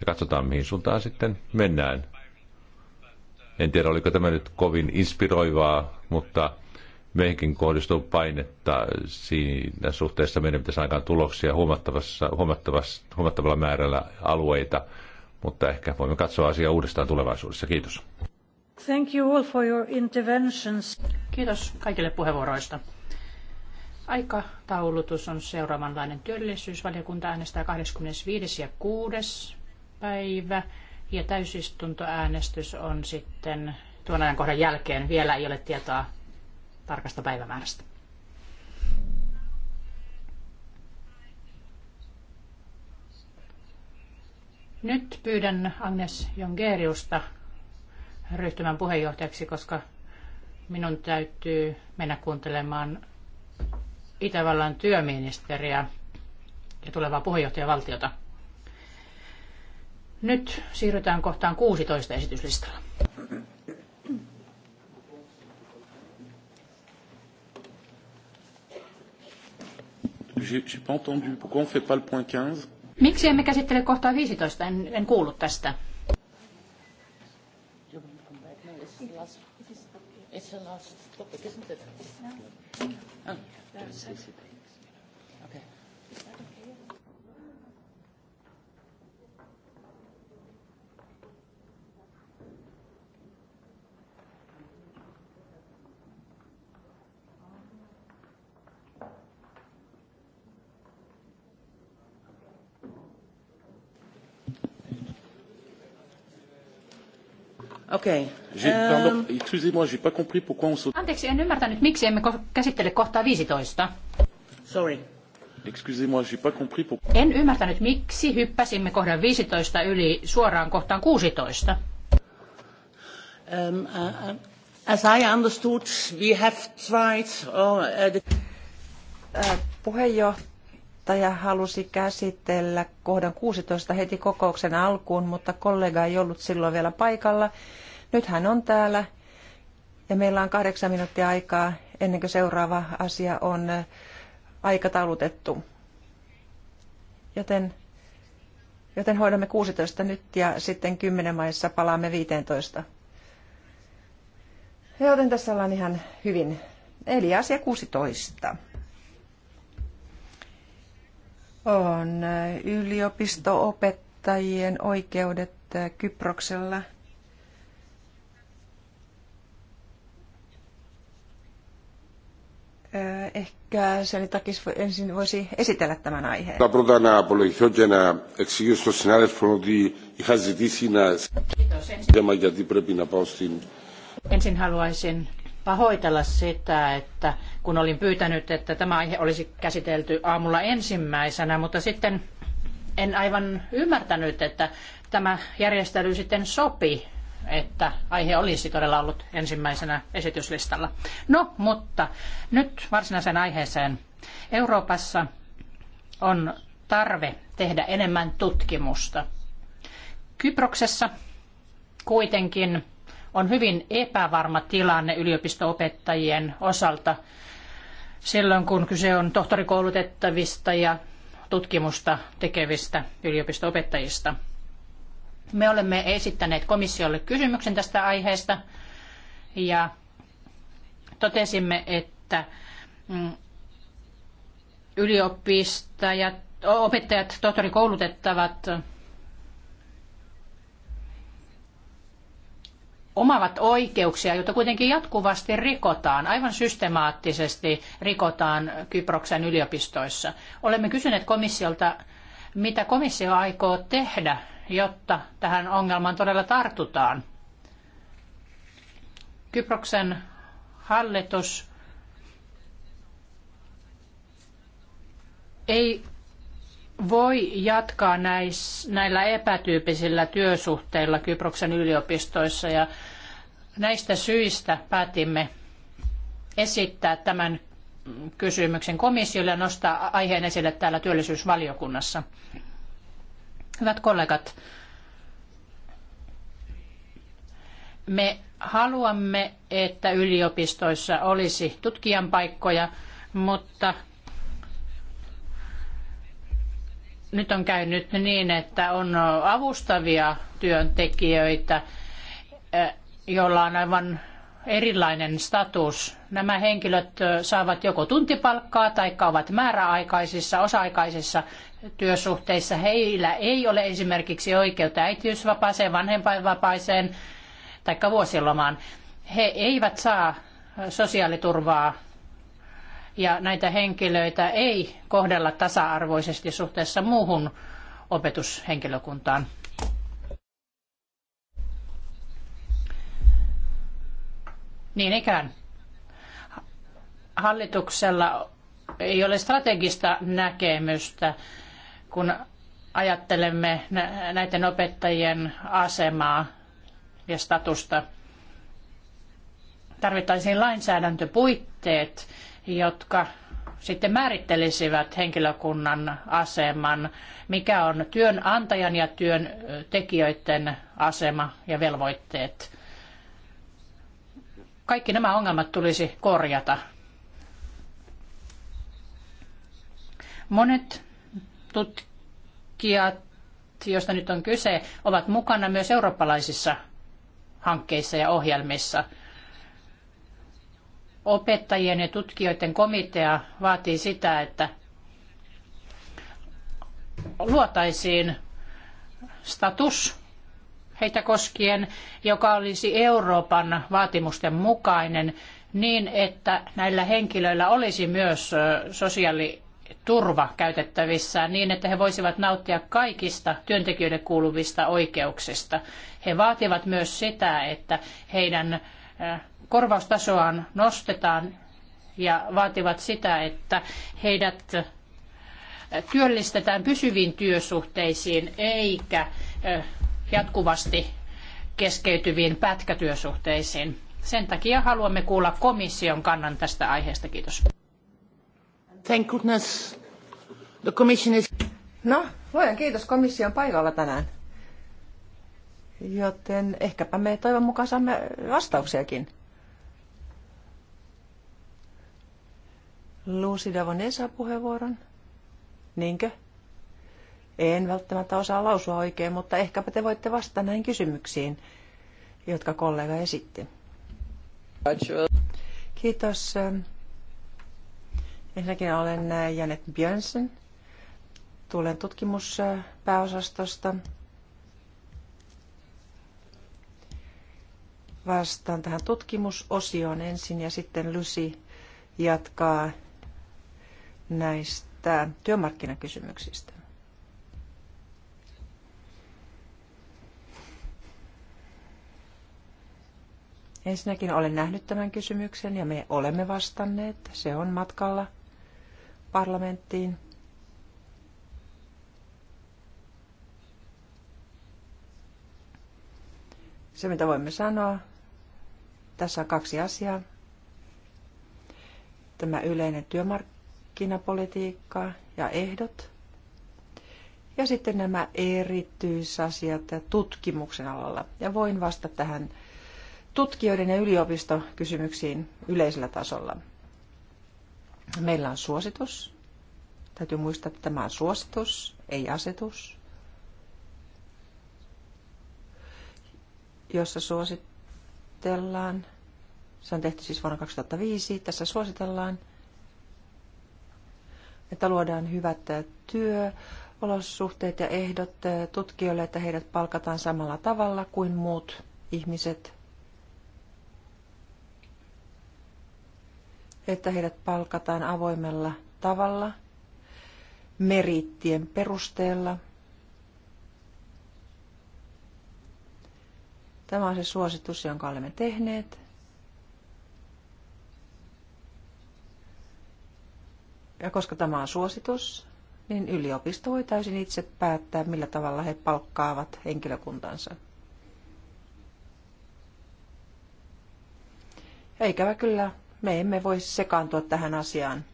ja katsotaan, mihin suuntaan sitten mennään. En tiedä, oliko tämä nyt kovin inspiroivaa, mutta meihinkin kohdistuu painetta siinä suhteessa. Meidän pitäisi aikaan tuloksia huomattavassa, huomattavassa, huomattavalla määrällä alueita mutta ehkä voimme katsoa asiaa uudestaan tulevaisuudessa. Kiitos. Thank you all for your interventions. Kiitos kaikille puheenvuoroista. Aikataulutus on seuraavanlainen. Työllisyysvaliokunta äänestää 25. ja 6. päivä ja täysistuntoäänestys on sitten tuon ajankohdan jälkeen. Vielä ei ole tietoa tarkasta päivämäärästä. Nyt pyydän Agnes Jongeriusta ryhtymään puheenjohtajaksi, koska minun täytyy mennä kuuntelemaan Itävallan työministeriä ja tulevaa puheenjohtajavaltiota. Nyt siirrytään kohtaan 16 esityslistalla. J'ai pas entendu. Pourquoi on fait pas le point 15 Miksi emme käsittele kohtaa 15? En, en kuullut tästä. Okay. Okei. Okay. Um, pas compris pourquoi on saute. Anteeksi, en ymmärtänyt, miksi emme käsittele kohtaa 15. Sorry. Excusez-moi, pas compris pourquoi. En ymmärtänyt, miksi hyppäsimme kohdan 15 yli suoraan kohtaan 16. Um, uh, as I understood, we have tried... Oh, uh, the... uh, puheenjohtaja puheenjohtaja halusi käsitellä kohdan 16 heti kokouksen alkuun, mutta kollega ei ollut silloin vielä paikalla. Nyt hän on täällä ja meillä on kahdeksan minuuttia aikaa ennen kuin seuraava asia on äh, aikataulutettu. Joten, joten hoidamme 16 nyt ja sitten 10 maissa palaamme 15. Joten tässä ollaan ihan hyvin. Eli asia 16 on yliopistoopettajien oikeudet Kyproksella. Ehkä sen takia ensin voisi esitellä tämän aiheen. Kiitos ensin απολογηθώ και να εξηγήσω Ensin haluaisin pahoitella sitä, että kun olin pyytänyt, että tämä aihe olisi käsitelty aamulla ensimmäisenä, mutta sitten en aivan ymmärtänyt, että tämä järjestely sitten sopi, että aihe olisi todella ollut ensimmäisenä esityslistalla. No, mutta nyt varsinaiseen aiheeseen. Euroopassa on tarve tehdä enemmän tutkimusta. Kyproksessa kuitenkin on hyvin epävarma tilanne yliopistoopettajien osalta silloin, kun kyse on tohtorikoulutettavista ja tutkimusta tekevistä yliopistoopettajista. Me olemme esittäneet komissiolle kysymyksen tästä aiheesta ja totesimme, että mm, yliopistajat, opettajat, tohtorikoulutettavat omavat oikeuksia, joita kuitenkin jatkuvasti rikotaan, aivan systemaattisesti rikotaan Kyproksen yliopistoissa. Olemme kysyneet komissiolta, mitä komissio aikoo tehdä, jotta tähän ongelmaan todella tartutaan. Kyproksen hallitus ei voi jatkaa näis, näillä epätyyppisillä työsuhteilla Kyproksen yliopistoissa ja näistä syistä päätimme esittää tämän kysymyksen komissiolle ja nostaa aiheen esille täällä työllisyysvaliokunnassa. Hyvät kollegat, me haluamme, että yliopistoissa olisi tutkijan paikkoja, mutta nyt on käynyt niin, että on avustavia työntekijöitä, eh, joilla on aivan erilainen status. Nämä henkilöt eh, saavat joko tuntipalkkaa tai ovat määräaikaisissa, osa-aikaisissa työsuhteissa. Heillä ei ole esimerkiksi oikeutta äitiysvapaaseen, vanhempainvapaaseen tai vuosilomaan. He eivät saa sosiaaliturvaa ja näitä henkilöitä ei kohdella tasa-arvoisesti suhteessa muuhun opetushenkilökuntaan. Niin ikään. Hallituksella ei ole strategista näkemystä, kun ajattelemme näiden opettajien asemaa ja statusta. Tarvittaisiin lainsäädäntöpuitteet, jotka sitten määrittelisivät henkilökunnan aseman, mikä on työnantajan ja työntekijöiden asema ja velvoitteet. Kaikki nämä ongelmat tulisi korjata. Monet tutkijat, joista nyt on kyse, ovat mukana myös eurooppalaisissa hankkeissa ja ohjelmissa – opettajien ja tutkijoiden komitea vaatii sitä, että luotaisiin status heitä koskien, joka olisi Euroopan vaatimusten mukainen niin, että näillä henkilöillä olisi myös sosiaaliturva käytettävissä, niin, että he voisivat nauttia kaikista työntekijöille kuuluvista oikeuksista. He vaativat myös sitä, että heidän korvaustasoaan nostetaan ja vaativat sitä, että heidät työllistetään pysyviin työsuhteisiin eikä jatkuvasti keskeytyviin pätkätyösuhteisiin. Sen takia haluamme kuulla komission kannan tästä aiheesta. Kiitos. Thank goodness. The commission is... No, luojan kiitos komission paikalla tänään. Joten ehkäpä me toivon mukaan saamme vastauksiakin. Lucy Davone saa puheenvuoron. Niinkö? En välttämättä osaa lausua oikein, mutta ehkäpä te voitte vastata näihin kysymyksiin, jotka kollega esitti. Kiitos. Ensinnäkin olen Janet Björnsen. Tulen tutkimuspääosastosta. Vastaan tähän tutkimusosioon ensin ja sitten Lucy jatkaa näistä työmarkkinakysymyksistä. Ensinnäkin olen nähnyt tämän kysymyksen ja me olemme vastanneet. Se on matkalla parlamenttiin. Se, mitä voimme sanoa, tässä on kaksi asiaa. Tämä yleinen työmark- markkinapolitiikka ja ehdot. Ja sitten nämä erityisasiat tutkimuksen alalla. Ja voin vastata tähän tutkijoiden ja yliopistokysymyksiin yleisellä tasolla. Meillä on suositus. Täytyy muistaa, että tämä on suositus, ei asetus. Jossa suositellaan, se on tehty siis vuonna 2005, tässä suositellaan – että luodaan hyvät työolosuhteet ja ehdot tutkijoille, että heidät palkataan samalla tavalla kuin muut ihmiset. Että heidät palkataan avoimella tavalla, merittien perusteella. Tämä on se suositus, jonka olemme tehneet. Ja koska tämä on suositus, niin yliopisto voi täysin itse päättää, millä tavalla he palkkaavat henkilökuntansa. Eikävä kyllä, me emme voi sekaantua tähän asiaan.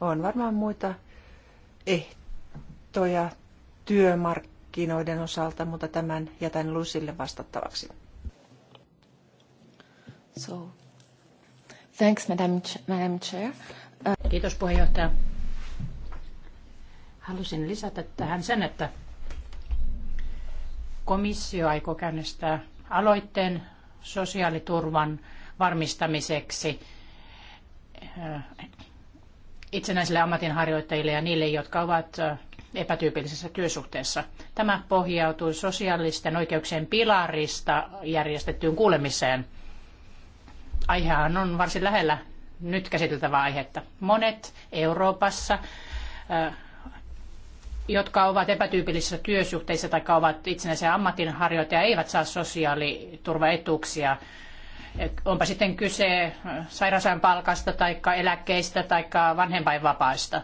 On varmaan muita ehtoja työmarkkinoiden osalta, mutta tämän jätän Lusille vastattavaksi. So. Thanks, Madam, Madam Chair. Uh... Kiitos puheenjohtaja. Halusin lisätä tähän sen, että komissio aikoo käynnistää aloitteen sosiaaliturvan varmistamiseksi uh, itsenäisille ammatinharjoittajille ja niille, jotka ovat uh, epätyypillisessä työsuhteessa. Tämä pohjautui sosiaalisten oikeuksien pilarista järjestettyyn kuulemiseen. Aihehan on varsin lähellä nyt käsiteltävää aihetta. Monet Euroopassa, jotka ovat epätyypillisissä työsuhteissa tai ovat itsenäisiä ammatinharjoittajia, eivät saa sosiaaliturvaetuuksia. Onpa sitten kyse sairausajan palkasta tai eläkkeistä tai vanhempainvapaista.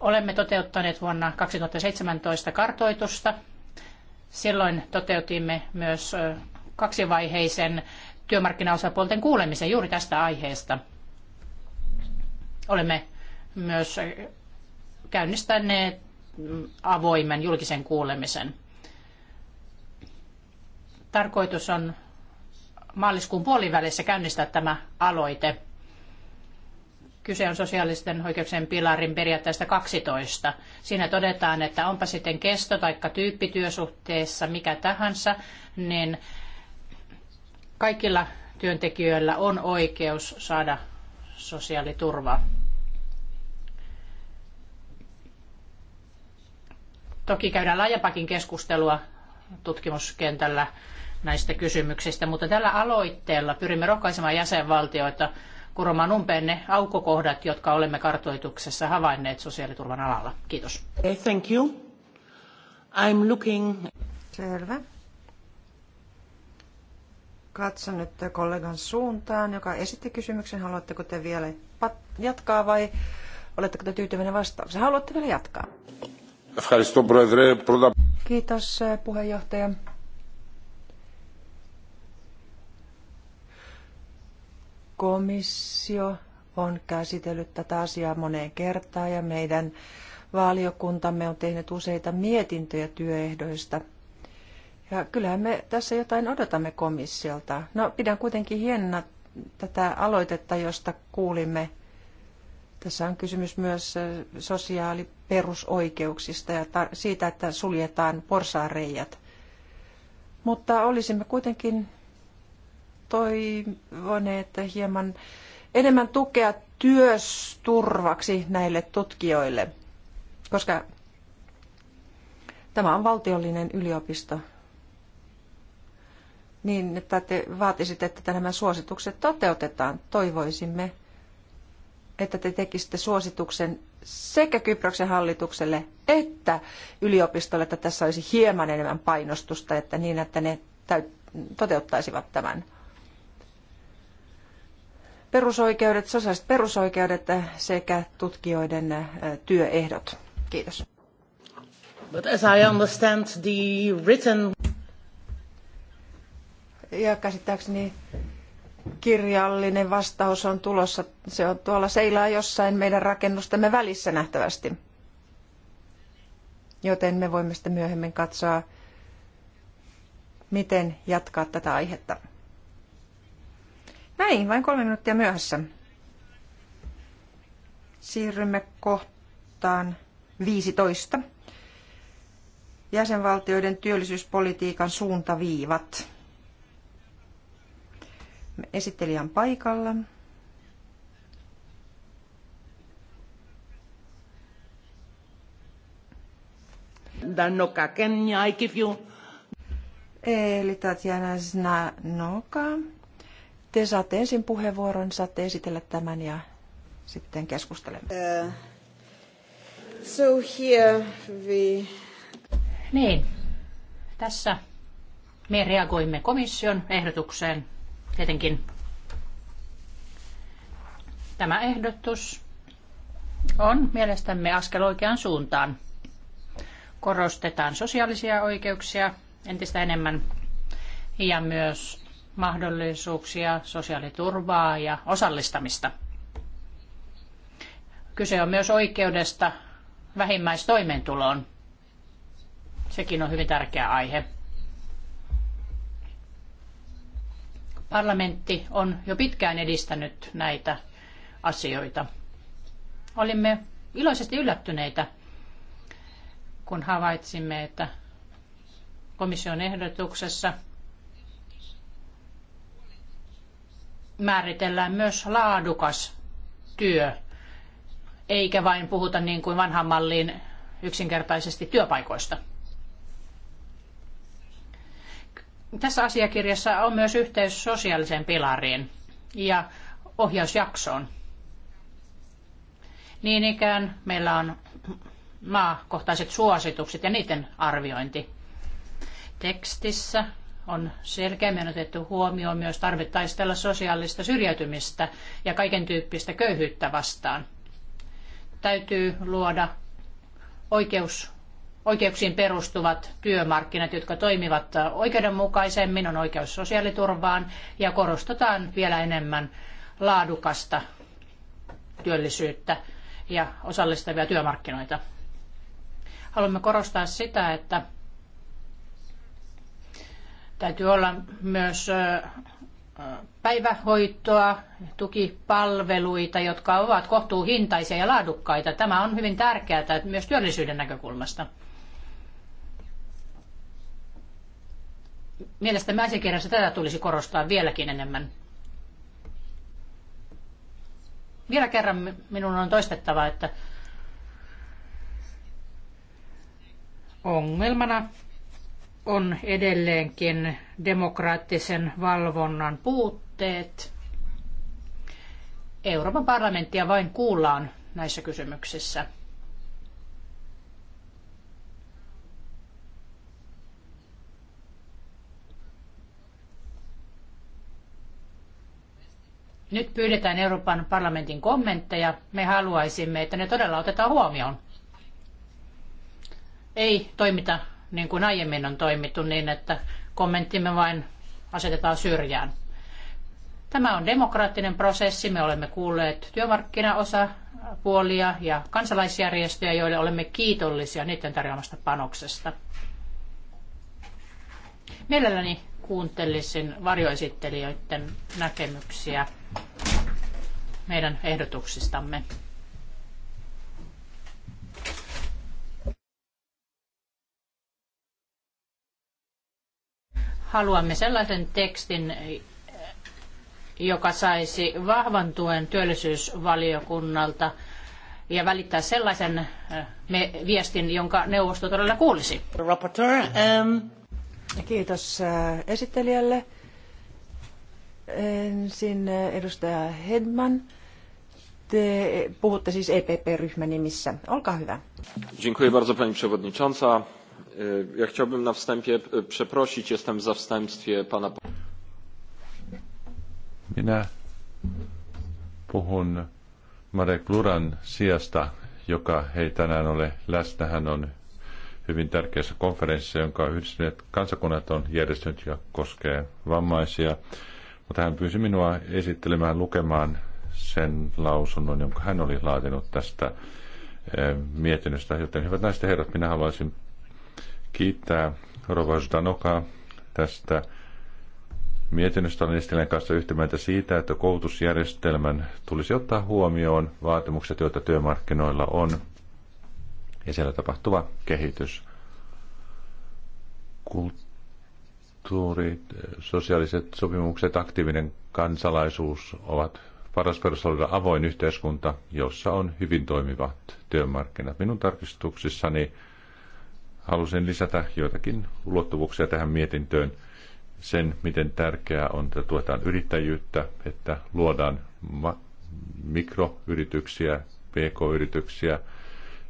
Olemme toteuttaneet vuonna 2017 kartoitusta. Silloin toteutimme myös kaksivaiheisen työmarkkinaosapuolten kuulemisen juuri tästä aiheesta. Olemme myös käynnistäneet avoimen julkisen kuulemisen. Tarkoitus on maaliskuun puolivälissä käynnistää tämä aloite. Kyse on sosiaalisten oikeuksien pilarin periaatteesta 12. Siinä todetaan, että onpa sitten kesto tai tyyppi työsuhteessa mikä tahansa, niin Kaikilla työntekijöillä on oikeus saada sosiaaliturvaa. Toki käydään laajempakin keskustelua tutkimuskentällä näistä kysymyksistä, mutta tällä aloitteella pyrimme rohkaisemaan jäsenvaltioita kuromaan umpeen ne aukokohdat, jotka olemme kartoituksessa havainneet sosiaaliturvan alalla. Kiitos. Okay, thank you. I'm looking... Selvä. Katson nyt kollegan suuntaan, joka esitti kysymyksen. Haluatteko te vielä jatkaa vai oletteko te tyytyväinen vastaus? Haluatte vielä jatkaa? Kiitos eh, puheenjohtaja. Komissio on käsitellyt tätä asiaa moneen kertaan ja meidän valiokuntamme on tehnyt useita mietintöjä työehdoista – ja kyllähän me tässä jotain odotamme komissiolta. No pidän kuitenkin hienona tätä aloitetta, josta kuulimme. Tässä on kysymys myös sosiaaliperusoikeuksista ja siitä, että suljetaan porsaareijat. Mutta olisimme kuitenkin toivoneet hieman enemmän tukea työsturvaksi näille tutkijoille, koska tämä on valtiollinen yliopisto niin että te vaatisitte, että nämä suositukset toteutetaan. Toivoisimme, että te tekisitte suosituksen sekä Kyproksen hallitukselle että yliopistolle, että tässä olisi hieman enemmän painostusta, että niin, että ne toteuttaisivat tämän. Perusoikeudet, sosiaaliset perusoikeudet sekä tutkijoiden työehdot. Kiitos. But as I understand the written ja käsittääkseni kirjallinen vastaus on tulossa. Se on tuolla seilaa jossain meidän rakennustemme välissä nähtävästi. Joten me voimme sitten myöhemmin katsoa, miten jatkaa tätä aihetta. Näin, vain kolme minuuttia myöhässä. Siirrymme kohtaan 15. Jäsenvaltioiden työllisyyspolitiikan suuntaviivat. Esittelijä on paikalla. Danoka, can I give you... Eli Tatjana Znanoka, te saatte ensin puheenvuoron, saatte esitellä tämän ja sitten keskustelemme. Uh, so here we... Niin, tässä me reagoimme komission ehdotukseen Tietenkin tämä ehdotus on mielestämme askel oikeaan suuntaan. Korostetaan sosiaalisia oikeuksia entistä enemmän ja myös mahdollisuuksia, sosiaaliturvaa ja osallistamista. Kyse on myös oikeudesta vähimmäistoimeentuloon. Sekin on hyvin tärkeä aihe. Parlamentti on jo pitkään edistänyt näitä asioita. Olimme iloisesti yllättyneitä, kun havaitsimme, että komission ehdotuksessa määritellään myös laadukas työ, eikä vain puhuta niin kuin vanhan malliin yksinkertaisesti työpaikoista. tässä asiakirjassa on myös yhteys sosiaaliseen pilariin ja ohjausjaksoon. Niin ikään meillä on maakohtaiset suositukset ja niiden arviointi. Tekstissä on selkeämmin otettu huomioon myös tarve taistella sosiaalista syrjäytymistä ja kaiken tyyppistä köyhyyttä vastaan. Täytyy luoda oikeus oikeuksiin perustuvat työmarkkinat, jotka toimivat oikeudenmukaisemmin, on oikeus sosiaaliturvaan ja korostetaan vielä enemmän laadukasta työllisyyttä ja osallistavia työmarkkinoita. Haluamme korostaa sitä, että täytyy olla myös päivähoitoa, tukipalveluita, jotka ovat kohtuuhintaisia ja laadukkaita. Tämä on hyvin tärkeää myös työllisyyden näkökulmasta. Mielestäni asiakirjassa tätä tulisi korostaa vieläkin enemmän. Vielä kerran minun on toistettava, että ongelmana on edelleenkin demokraattisen valvonnan puutteet. Euroopan parlamenttia vain kuullaan näissä kysymyksissä. Nyt pyydetään Euroopan parlamentin kommentteja. Me haluaisimme, että ne todella otetaan huomioon. Ei toimita niin kuin aiemmin on toimittu niin, että kommenttimme vain asetetaan syrjään. Tämä on demokraattinen prosessi. Me olemme kuulleet työmarkkinaosapuolia ja kansalaisjärjestöjä, joille olemme kiitollisia niiden tarjoamasta panoksesta. Mielelläni kuuntelisin varjoesittelijöiden näkemyksiä meidän ehdotuksistamme. Haluamme sellaisen tekstin, joka saisi vahvan tuen työllisyysvaliokunnalta ja välittää sellaisen viestin, jonka neuvosto todella kuulisi. Um, Kiitos esittelijälle. Ensin eh, edustaja Hedman. Te puhutte siis EPP-ryhmän nimissä. Olkaa hyvä. Dziękuję bardzo pani przewodnicząca. E, ja chciałbym na wstępie e, przeprosić, jestem za wstępstwie pana... Minä puhun Marek Luran sijasta, joka ei tänään ole läsnä. Hän on hyvin tärkeässä konferenssissa, jonka yhdistyneet kansakunnat on järjestänyt ja koskee vammaisia mutta hän pyysi minua esittelemään lukemaan sen lausunnon, jonka hän oli laatinut tästä eh, mietinnöstä. Joten hyvät naiset ja herrat, minä haluaisin kiittää Rova Zdanokaa tästä mietinnöstä. Olen Estilän kanssa yhtä mieltä siitä, että koulutusjärjestelmän tulisi ottaa huomioon vaatimukset, joita työmarkkinoilla on ja siellä tapahtuva kehitys. Kult- kulttuuri, sosiaaliset sopimukset, aktiivinen kansalaisuus ovat paras perusolida avoin yhteiskunta, jossa on hyvin toimivat työmarkkinat. Minun tarkistuksissani halusin lisätä joitakin ulottuvuuksia tähän mietintöön. Sen, miten tärkeää on, että tuetaan yrittäjyyttä, että luodaan mikroyrityksiä, pk-yrityksiä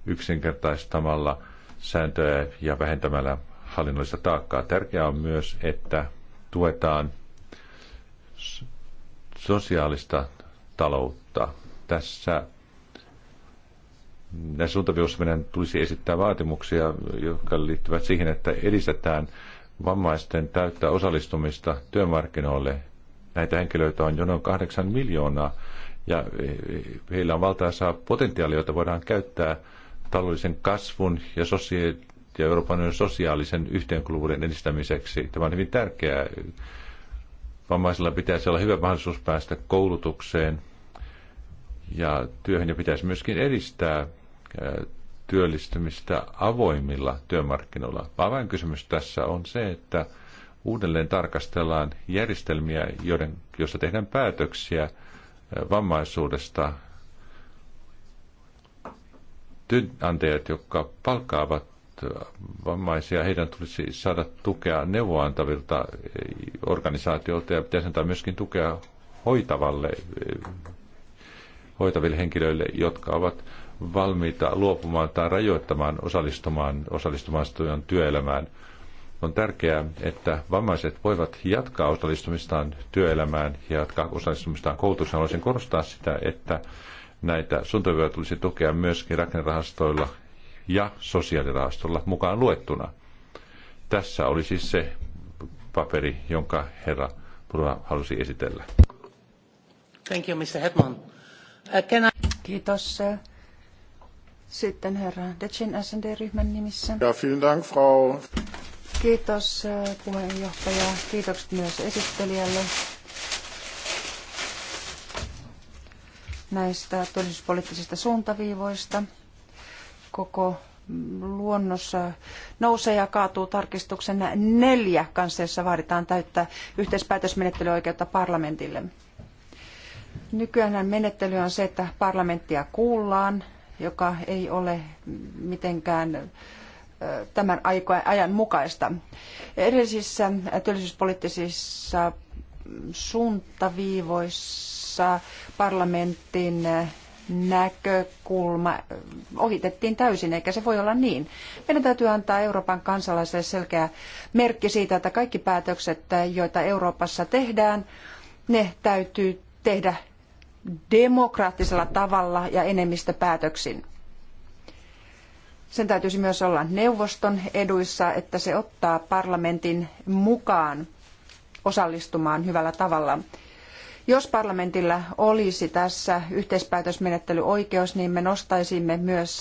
yksinkertaistamalla sääntöjä ja vähentämällä hallinnollista taakkaa. Tärkeää on myös, että tuetaan sosiaalista taloutta. Tässä näissä suuntaviossa meidän tulisi esittää vaatimuksia, jotka liittyvät siihen, että edistetään vammaisten täyttää osallistumista työmarkkinoille. Näitä henkilöitä on jo noin kahdeksan miljoonaa ja heillä on valtaisaa potentiaalia, jota voidaan käyttää taloudellisen kasvun ja sosia- ja Euroopan sosiaalisen yhteenkuuluvuuden edistämiseksi. Tämä on hyvin tärkeää. Vammaisilla pitäisi olla hyvä mahdollisuus päästä koulutukseen ja työhön ja pitäisi myöskin edistää työllistymistä avoimilla työmarkkinoilla. kysymys tässä on se, että uudelleen tarkastellaan järjestelmiä, joiden, joissa tehdään päätöksiä vammaisuudesta. Työnantajat, jotka palkkaavat vammaisia, heidän tulisi saada tukea neuvoantavilta organisaatioilta ja pitäisi antaa myöskin tukea hoitavalle, hoitaville henkilöille, jotka ovat valmiita luopumaan tai rajoittamaan osallistumaan, osallistumaan työelämään. On tärkeää, että vammaiset voivat jatkaa osallistumistaan työelämään ja jatkaa osallistumistaan koulutukseen. Haluaisin korostaa sitä, että näitä suuntaviivoja tulisi tukea myöskin rakennerahastoilla ja sosiaalirahastolla mukaan luettuna. Tässä oli siis se paperi, jonka herra Pura halusi esitellä. Thank you, Mr. Hetman. Uh, I... Kiitos. Sitten herra Dechen SND-ryhmän nimissä. Ja, vielen Dank, Frau. Kiitos uh, puheenjohtaja. Kiitokset myös esittelijälle näistä todellisuuspoliittisista suuntaviivoista koko luonnossa nousee ja kaatuu tarkistuksen neljä kanssa, jossa vaaditaan täyttää yhteispäätösmenettelyoikeutta parlamentille. Nykyään menettely on se, että parlamenttia kuullaan, joka ei ole mitenkään tämän ajan mukaista. Edellisissä työllisyyspoliittisissa suuntaviivoissa parlamentin näkökulma ohitettiin täysin, eikä se voi olla niin. Meidän täytyy antaa Euroopan kansalaisille selkeä merkki siitä, että kaikki päätökset, joita Euroopassa tehdään, ne täytyy tehdä demokraattisella tavalla ja enemmistöpäätöksin. Sen täytyisi myös olla neuvoston eduissa, että se ottaa parlamentin mukaan osallistumaan hyvällä tavalla jos parlamentilla olisi tässä yhteispäätösmenettelyoikeus, niin me nostaisimme myös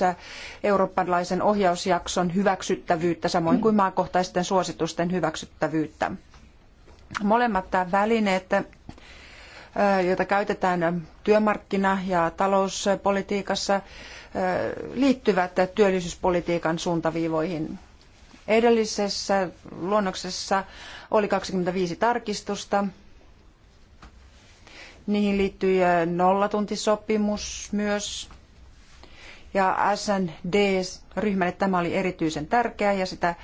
eurooppalaisen ohjausjakson hyväksyttävyyttä, samoin kuin maakohtaisten suositusten hyväksyttävyyttä. Molemmat välineet jota käytetään työmarkkina- ja talouspolitiikassa, liittyvät työllisyyspolitiikan suuntaviivoihin. Edellisessä luonnoksessa oli 25 tarkistusta Niihin liittyi äh, nollatuntisopimus myös. Ja SND-ryhmälle tämä oli erityisen tärkeää ja sitä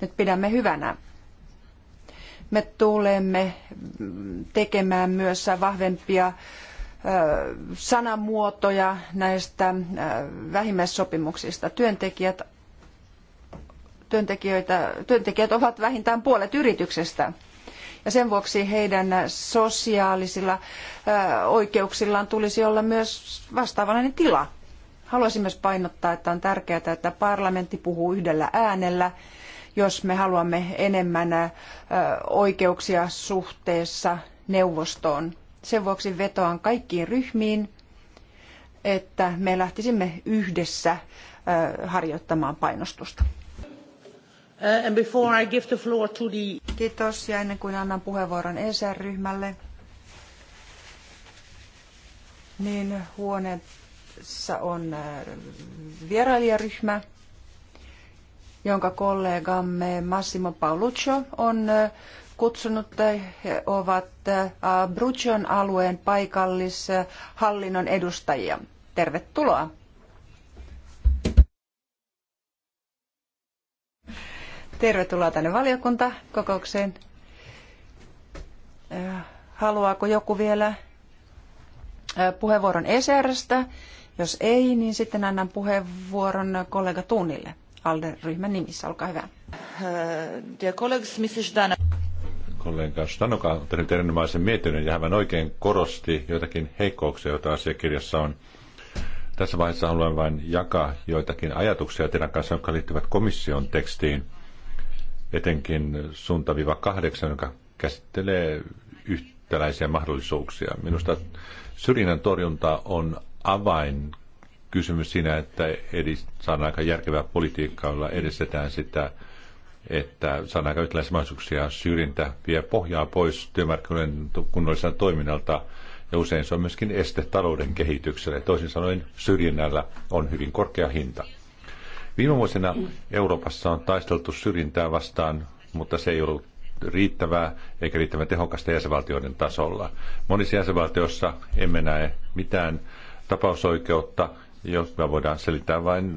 nyt pidämme hyvänä. Me tulemme tekemään myös vahvempia äh, sanamuotoja näistä äh, vähimmäissopimuksista. Työntekijät, työntekijöitä, työntekijät ovat vähintään puolet yrityksestä ja sen vuoksi heidän sosiaalisilla oikeuksillaan tulisi olla myös vastaavanlainen tila. Haluaisin myös painottaa, että on tärkeää, että parlamentti puhuu yhdellä äänellä, jos me haluamme enemmän oikeuksia suhteessa neuvostoon. Sen vuoksi vetoan kaikkiin ryhmiin, että me lähtisimme yhdessä harjoittamaan painostusta. Uh, and before I give the floor to the... Kiitos ja ennen kuin annan puheenvuoron ESR-ryhmälle, niin huoneessa on äh, vierailijaryhmä, jonka kollegamme Massimo Pauluccio on äh, kutsunut ovat äh, Brucion alueen paikallishallinnon edustajia. Tervetuloa! Tervetuloa tänne valiokuntakokoukseen. Äh, haluaako joku vielä äh, puheenvuoron ECRstä? Jos ei, niin sitten annan puheenvuoron kollega Tuunille. ALDE-ryhmän nimissä, olkaa hyvä. Äh, kollega Stanoka on tehnyt erinomaisen mietinnön ja hän oikein korosti joitakin heikkouksia, joita asiakirjassa on. Tässä vaiheessa haluan vain jakaa joitakin ajatuksia teidän kanssa, jotka liittyvät komission tekstiin etenkin suunta-8, joka käsittelee yhtäläisiä mahdollisuuksia. Minusta syrjinnän torjunta on avain kysymys siinä, että edist, saadaan aika järkevää politiikkaa, jolla edistetään sitä, että saadaan aika yhtäläisiä mahdollisuuksia. Syrjintä vie pohjaa pois työmarkkinoiden kunnolliselta toiminnalta ja usein se on myöskin este talouden kehitykselle. Toisin sanoen syrjinnällä on hyvin korkea hinta. Viime vuosina Euroopassa on taisteltu syrjintää vastaan, mutta se ei ollut riittävää eikä riittävän tehokasta jäsenvaltioiden tasolla. Monissa jäsenvaltioissa emme näe mitään tapausoikeutta, jotka voidaan selittää vain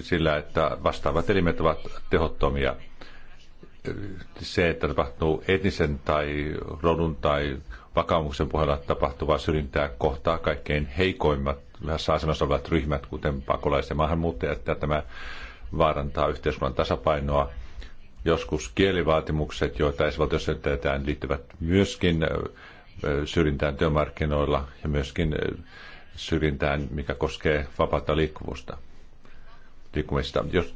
sillä, että vastaavat elimet ovat tehottomia. Se, että tapahtuu etnisen tai rodun tai vakaumuksen pohjalta tapahtuvaa syrjintää kohtaa kaikkein heikoimmat hyvässä asemassa olevat ryhmät, kuten pakolaiset ja maahanmuuttajat, että tämä vaarantaa yhteiskunnan tasapainoa. Joskus kielivaatimukset, joita esivaltiossa täytetään, liittyvät myöskin syrjintään työmarkkinoilla ja myöskin syrjintään, mikä koskee vapaata liikkuvusta. liikkumista. Jos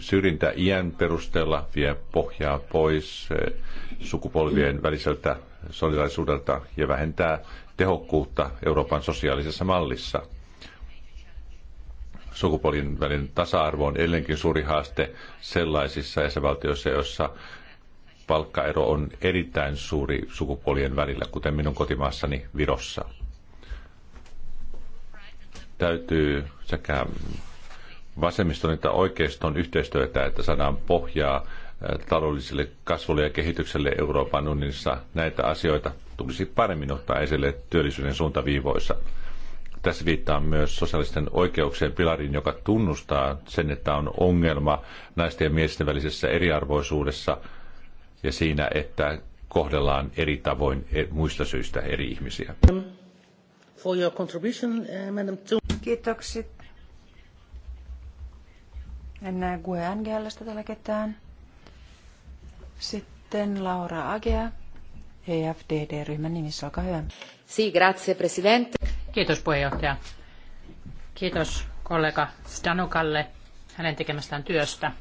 syrjintä iän perusteella vie pohjaa pois sukupolvien väliseltä solidaisuudelta ja vähentää tehokkuutta Euroopan sosiaalisessa mallissa. Sukupuolin välinen tasa-arvo on edelleenkin suuri haaste sellaisissa jäsenvaltioissa, joissa palkkaero on erittäin suuri sukupuolien välillä, kuten minun kotimaassani Virossa. Täytyy sekä vasemmiston että oikeiston yhteistyötä, että saadaan pohjaa taloudelliselle kasvulle ja kehitykselle Euroopan unionissa. Näitä asioita tulisi paremmin ottaa esille työllisyyden suuntaviivoissa. Tässä viittaa myös sosiaalisten oikeuksien pilariin, joka tunnustaa sen, että on ongelma naisten ja miesten välisessä eriarvoisuudessa ja siinä, että kohdellaan eri tavoin e- muista syistä eri ihmisiä. For your contribution, eh, Madam Kiitokset. En näe Gue Angelasta täällä ketään. Sitten Laura Agea. EFDD-ryhmän nimissä, olkaa hyvä. Si, grazie, presidente. Kiitos puheenjohtaja. Kiitos kollega Stanukalle hänen tekemästään työstä.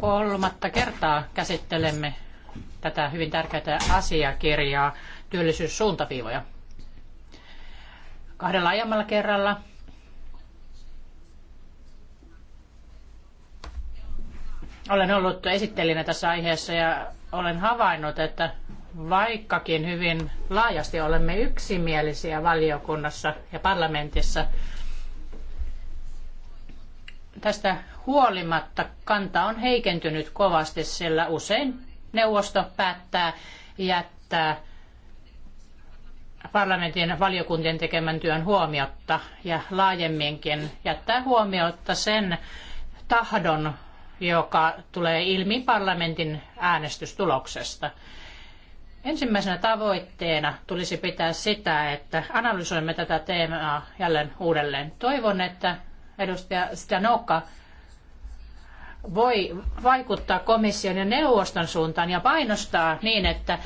Kolmatta kertaa käsittelemme tätä hyvin tärkeää asiakirjaa, työllisyyssuuntaviivoja. Kahdella aiemmalla kerralla olen ollut esittelijänä tässä aiheessa ja olen havainnut, että vaikkakin hyvin laajasti olemme yksimielisiä valiokunnassa ja parlamentissa, tästä huolimatta kanta on heikentynyt kovasti, sillä usein neuvosto päättää jättää parlamentin valiokuntien tekemän työn huomiotta ja laajemminkin jättää huomiotta sen tahdon joka tulee ilmi parlamentin äänestystuloksesta. Ensimmäisenä tavoitteena tulisi pitää sitä, että analysoimme tätä teemaa jälleen uudelleen. Toivon, että edustaja Stanoka voi vaikuttaa komission ja neuvoston suuntaan ja painostaa niin, että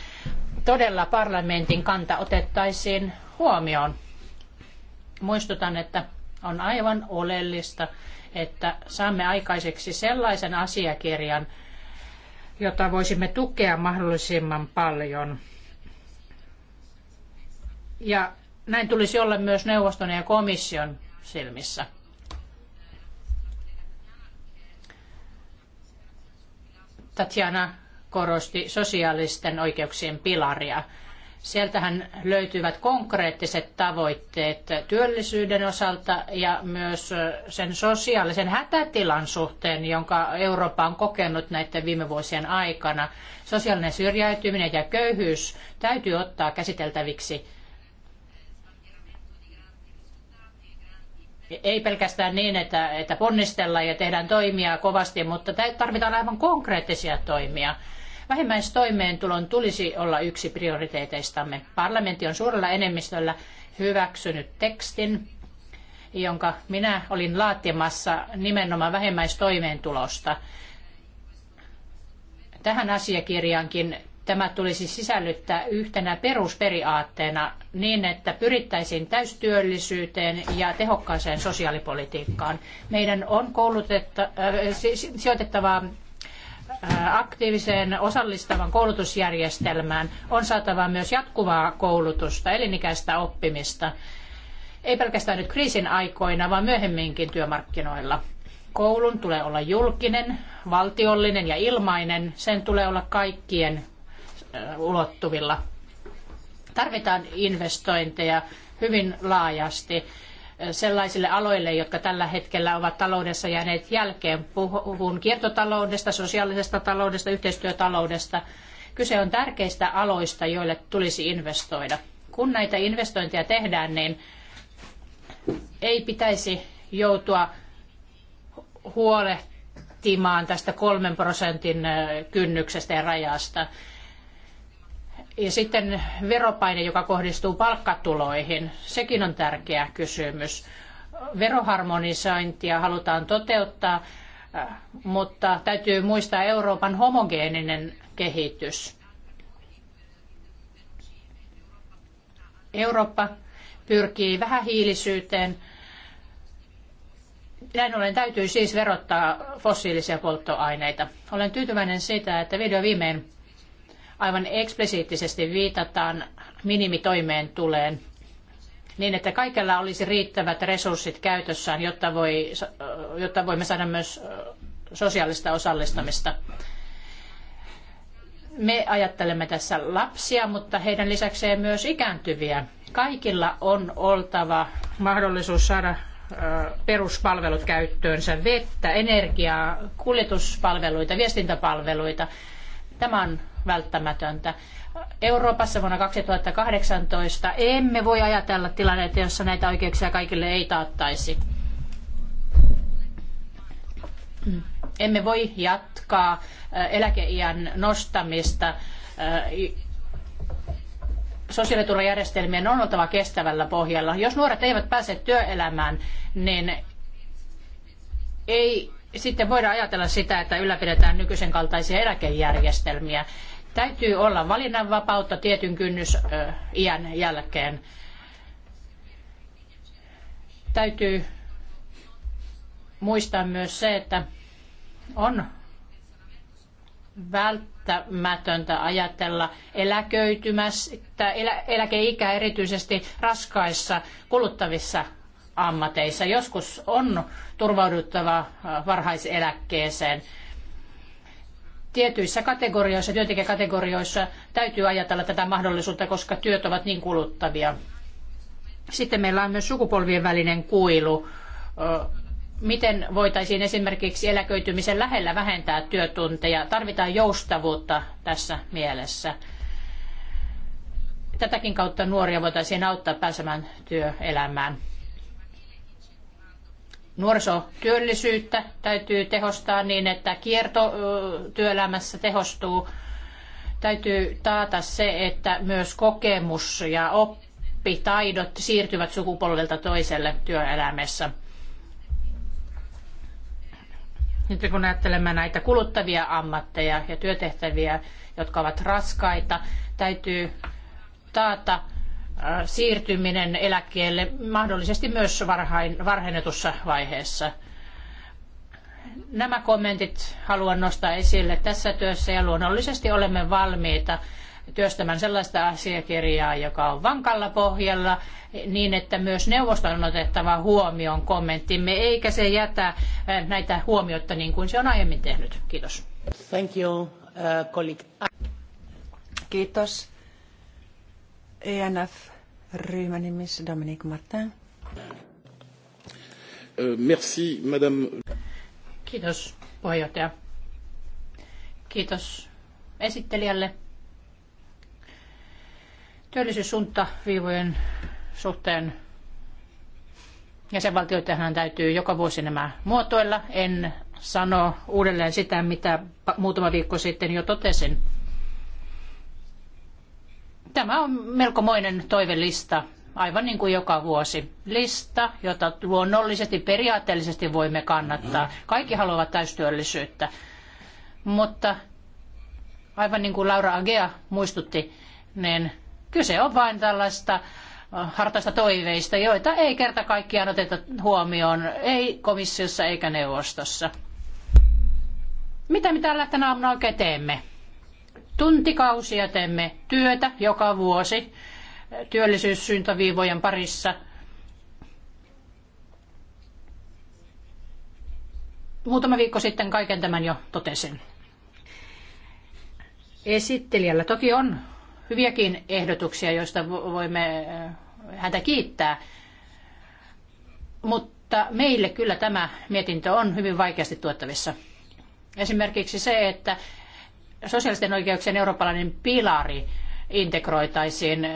todella parlamentin kanta otettaisiin huomioon. Muistutan, että on aivan oleellista, että saamme aikaiseksi sellaisen asiakirjan, jota voisimme tukea mahdollisimman paljon. Ja näin tulisi olla myös neuvoston ja komission silmissä. Tatjana korosti sosiaalisten oikeuksien pilaria. Sieltähän löytyvät konkreettiset tavoitteet työllisyyden osalta ja myös sen sosiaalisen hätätilan suhteen, jonka Eurooppa on kokenut näiden viime vuosien aikana. Sosiaalinen syrjäytyminen ja köyhyys täytyy ottaa käsiteltäviksi ei pelkästään niin, että, että ponnistellaan ja tehdään toimia kovasti, mutta tarvitaan aivan konkreettisia toimia. Vähimmäistoimeentulon tulisi olla yksi prioriteeteistamme. Parlamentti on suurella enemmistöllä hyväksynyt tekstin, jonka minä olin laatimassa nimenomaan vähimmäistoimeentulosta. Tähän asiakirjaankin tämä tulisi sisällyttää yhtenä perusperiaatteena niin, että pyrittäisiin täystyöllisyyteen ja tehokkaaseen sosiaalipolitiikkaan. Meidän on koulutetta, äh, sijoitettava aktiiviseen osallistavan koulutusjärjestelmään on saatava myös jatkuvaa koulutusta, elinikäistä oppimista, ei pelkästään nyt kriisin aikoina, vaan myöhemminkin työmarkkinoilla. Koulun tulee olla julkinen, valtiollinen ja ilmainen. Sen tulee olla kaikkien ulottuvilla. Tarvitaan investointeja hyvin laajasti sellaisille aloille, jotka tällä hetkellä ovat taloudessa jääneet jälkeen. Puhun kiertotaloudesta, sosiaalisesta taloudesta, yhteistyötaloudesta. Kyse on tärkeistä aloista, joille tulisi investoida. Kun näitä investointeja tehdään, niin ei pitäisi joutua huolehtimaan tästä kolmen prosentin kynnyksestä ja rajasta. Ja sitten veropaine, joka kohdistuu palkkatuloihin, sekin on tärkeä kysymys. Veroharmonisointia halutaan toteuttaa, äh, mutta täytyy muistaa Euroopan homogeeninen kehitys. Eurooppa pyrkii vähähiilisyyteen. Näin ollen täytyy siis verottaa fossiilisia polttoaineita. Olen tyytyväinen siitä, että vihdoin viimein aivan eksplisiittisesti viitataan minimitoimeen tuleen niin, että kaikella olisi riittävät resurssit käytössään, jotta, voi, jotta voimme saada myös sosiaalista osallistumista. Me ajattelemme tässä lapsia, mutta heidän lisäkseen myös ikääntyviä. Kaikilla on oltava mahdollisuus saada peruspalvelut käyttöönsä, vettä, energiaa, kuljetuspalveluita, viestintäpalveluita – Tämä on välttämätöntä. Euroopassa vuonna 2018 emme voi ajatella tilannetta, jossa näitä oikeuksia kaikille ei taattaisi. Emme voi jatkaa äh, eläkeiän nostamista. Äh, sosiaaliturvajärjestelmien on oltava kestävällä pohjalla. Jos nuoret eivät pääse työelämään, niin ei sitten voidaan ajatella sitä, että ylläpidetään nykyisen kaltaisia eläkejärjestelmiä. Täytyy olla valinnanvapautta tietyn kynnys iän jälkeen. Täytyy muistaa myös se, että on välttämätöntä ajatella eläköitymästä, eläkeikää erityisesti raskaissa kuluttavissa ammateissa. Joskus on turvauduttava äh, varhaiseläkkeeseen. Tietyissä kategorioissa, työntekijäkategorioissa täytyy ajatella tätä mahdollisuutta, koska työt ovat niin kuluttavia. Sitten meillä on myös sukupolvien välinen kuilu. Miten voitaisiin esimerkiksi eläköitymisen lähellä vähentää työtunteja? Tarvitaan joustavuutta tässä mielessä tätäkin kautta nuoria voitaisiin auttaa pääsemään työelämään. Nuorisotyöllisyyttä täytyy tehostaa niin, että kierto työelämässä tehostuu. Täytyy taata se, että myös kokemus ja oppitaidot siirtyvät sukupolvelta toiselle työelämässä. Nyt kun ajattelemme näitä kuluttavia ammatteja ja työtehtäviä, jotka ovat raskaita, täytyy taata siirtyminen eläkkeelle mahdollisesti myös varhain, varhennetussa vaiheessa. Nämä kommentit haluan nostaa esille tässä työssä ja luonnollisesti olemme valmiita työstämään sellaista asiakirjaa, joka on vankalla pohjalla, niin että myös neuvoston on otettava huomioon kommenttimme, eikä se jätä näitä huomioita niin kuin se on aiemmin tehnyt. Kiitos. Thank you, uh, colleague. Kiitos. ENF-ryhmän nimissä Dominique Martin. Euh, merci, madame. Kiitos, puheenjohtaja. Kiitos esittelijälle. Työllisyyssuuntaviivojen suhteen jäsenvaltioitahan täytyy joka vuosi nämä muotoilla. En sano uudelleen sitä, mitä muutama viikko sitten jo totesin. Tämä on melkomoinen toivelista, aivan niin kuin joka vuosi. Lista, jota luonnollisesti periaatteellisesti voimme kannattaa. Kaikki haluavat täystyöllisyyttä. Mutta aivan niin kuin Laura Agea muistutti, niin kyse on vain tällaista äh, hartaista toiveista, joita ei kerta kaikkiaan oteta huomioon, ei komissiossa eikä neuvostossa. Mitä me täällä tänä aamuna oikein teemme? Tuntikausia teemme työtä joka vuosi työllisyyssyyntaviivojen parissa. Muutama viikko sitten kaiken tämän jo totesin. Esittelijällä toki on hyviäkin ehdotuksia, joista voimme eh, häntä kiittää. Mutta meille kyllä tämä mietintö on hyvin vaikeasti tuettavissa. Esimerkiksi se, että sosiaalisten oikeuksien eurooppalainen pilari integroitaisiin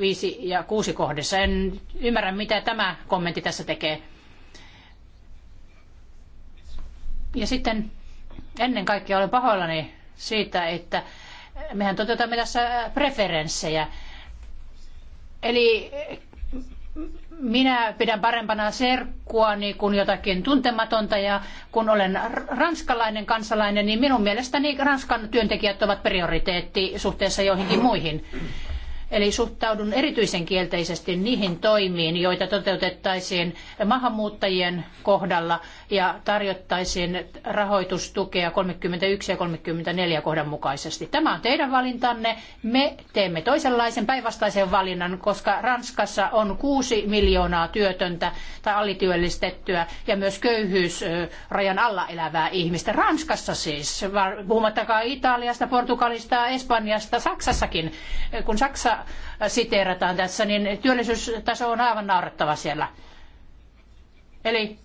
viisi ja kuusi kohdissa. En ymmärrä, mitä tämä kommentti tässä tekee. Ja sitten ennen kaikkea olen pahoillani siitä, että mehän toteutamme tässä preferenssejä. Eli minä pidän parempana serkkua niin kuin jotakin tuntematonta ja kun olen ranskalainen kansalainen, niin minun mielestäni Ranskan työntekijät ovat prioriteetti suhteessa joihinkin muihin. Eli suhtaudun erityisen kielteisesti niihin toimiin, joita toteutettaisiin maahanmuuttajien kohdalla ja tarjottaisiin rahoitustukea 31 ja 34 kohdan mukaisesti. Tämä on teidän valintanne. Me teemme toisenlaisen päinvastaisen valinnan, koska Ranskassa on kuusi miljoonaa työtöntä tai alityöllistettyä ja myös köyhyysrajan alla elävää ihmistä. Ranskassa siis, puhumattakaan Italiasta, Portugalista, Espanjasta, Saksassakin. Kun Saksa siteerataan tässä, niin työllisyystaso on aivan naurettava siellä. Eli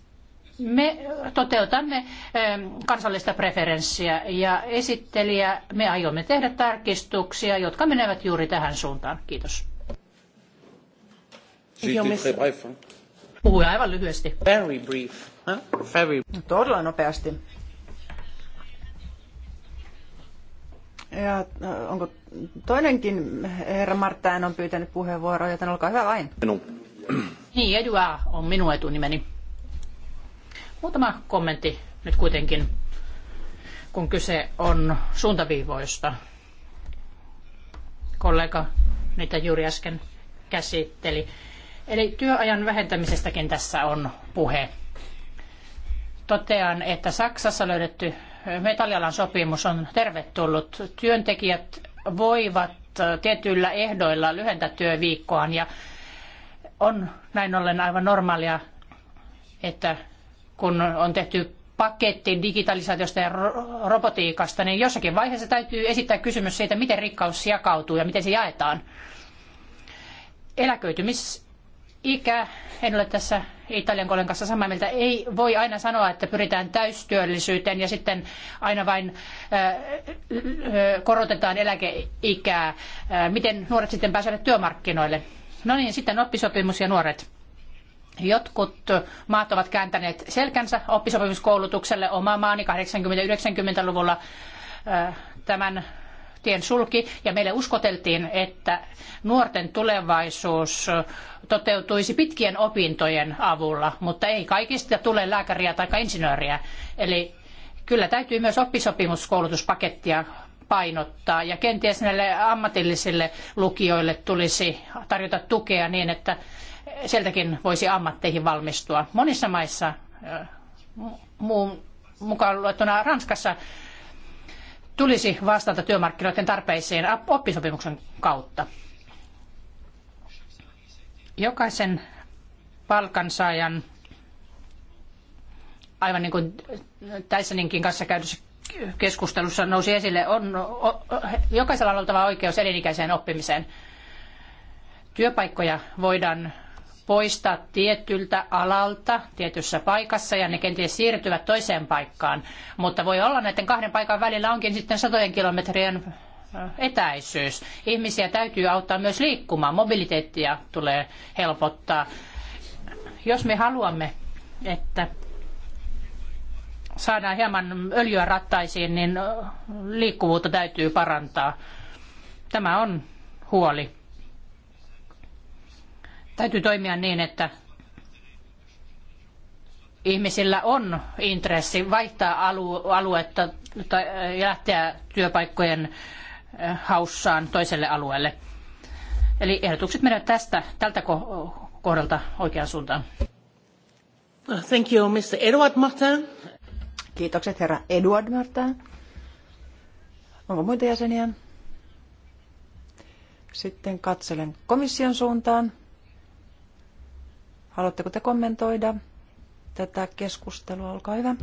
me toteutamme ähm, kansallista preferenssiä ja esittelijä, me aiomme tehdä tarkistuksia, jotka menevät juuri tähän suuntaan. Kiitos. Puhuja aivan lyhyesti. Very brief. Huh? Very... Todella nopeasti. Ja äh, onko toinenkin herra Marttaen on pyytänyt puheenvuoroa, joten olkaa hyvä vain. Minun. No. Niin, Edua on minun etunimeni. Muutama kommentti nyt kuitenkin, kun kyse on suuntaviivoista. Kollega niitä juuri äsken käsitteli. Eli työajan vähentämisestäkin tässä on puhe. Totean, että Saksassa löydetty metallialan sopimus on tervetullut. Työntekijät voivat tietyillä ehdoilla lyhentää työviikkoaan ja on näin ollen aivan normaalia, että kun on tehty paketti digitalisaatiosta ja robotiikasta, niin jossakin vaiheessa täytyy esittää kysymys siitä, miten rikkaus jakautuu ja miten se jaetaan. Eläköitymis ikä, en ole tässä Italian kollegan kanssa samaa mieltä, ei voi aina sanoa, että pyritään täystyöllisyyteen ja sitten aina vain korotetaan eläkeikää. miten nuoret sitten pääsevät työmarkkinoille? No niin, sitten oppisopimus ja nuoret. Jotkut maat ovat kääntäneet selkänsä oppisopimuskoulutukselle. Oma maani 80-90-luvulla tämän tien sulki ja meille uskoteltiin, että nuorten tulevaisuus toteutuisi pitkien opintojen avulla, mutta ei kaikista tule lääkäriä tai insinööriä. Eli kyllä täytyy myös oppisopimuskoulutuspakettia painottaa ja kenties näille ammatillisille lukijoille tulisi tarjota tukea niin, että sieltäkin voisi ammatteihin valmistua. Monissa maissa, muun mukaan luettuna Ranskassa, tulisi vastata työmarkkinoiden tarpeisiin oppisopimuksen kautta. Jokaisen palkansaajan, aivan niin kuin Tyssoninkin kanssa käydyssä keskustelussa nousi esille, on jokaisella on oltava oikeus elinikäiseen oppimiseen. Työpaikkoja voidaan poistaa tietyltä alalta tietyssä paikassa ja ne kenties siirtyvät toiseen paikkaan. Mutta voi olla näiden kahden paikan välillä onkin sitten satojen kilometrien etäisyys. Ihmisiä täytyy auttaa myös liikkumaan, mobiliteettia tulee helpottaa. Jos me haluamme, että saadaan hieman öljyä rattaisiin, niin liikkuvuutta täytyy parantaa. Tämä on huoli. Täytyy toimia niin, että ihmisillä on intressi vaihtaa alu aluetta tai äh, lähteä työpaikkojen äh, haussaan toiselle alueelle. Eli ehdotukset menevät tästä, tältä kohdalta oikeaan suuntaan. Thank you, Mr. Edward Martin. Kiitokset, herra Edward Martin. Onko muita jäseniä? Sitten katselen komission suuntaan. Haluatteko te kommentoida tätä keskustelua? Olkaa hyvä.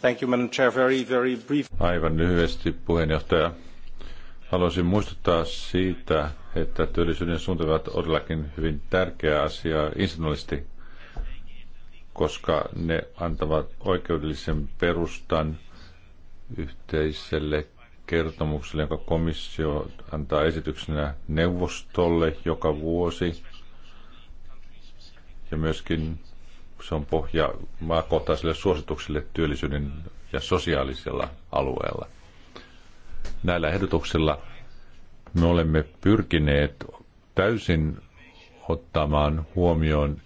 Thank you, Madam Chair. Very, very brief. Aivan lyhyesti, puheenjohtaja. Haluaisin muistuttaa siitä, että työllisyyden suuntavat ovat todellakin hyvin tärkeä asia institutionaalisesti, koska ne antavat oikeudellisen perustan yhteiselle kertomukselle, jonka komissio antaa esityksenä neuvostolle joka vuosi ja myöskin se on pohja maakohtaisille suosituksille työllisyyden ja sosiaalisella alueella. Näillä ehdotuksilla me olemme pyrkineet täysin ottamaan huomioon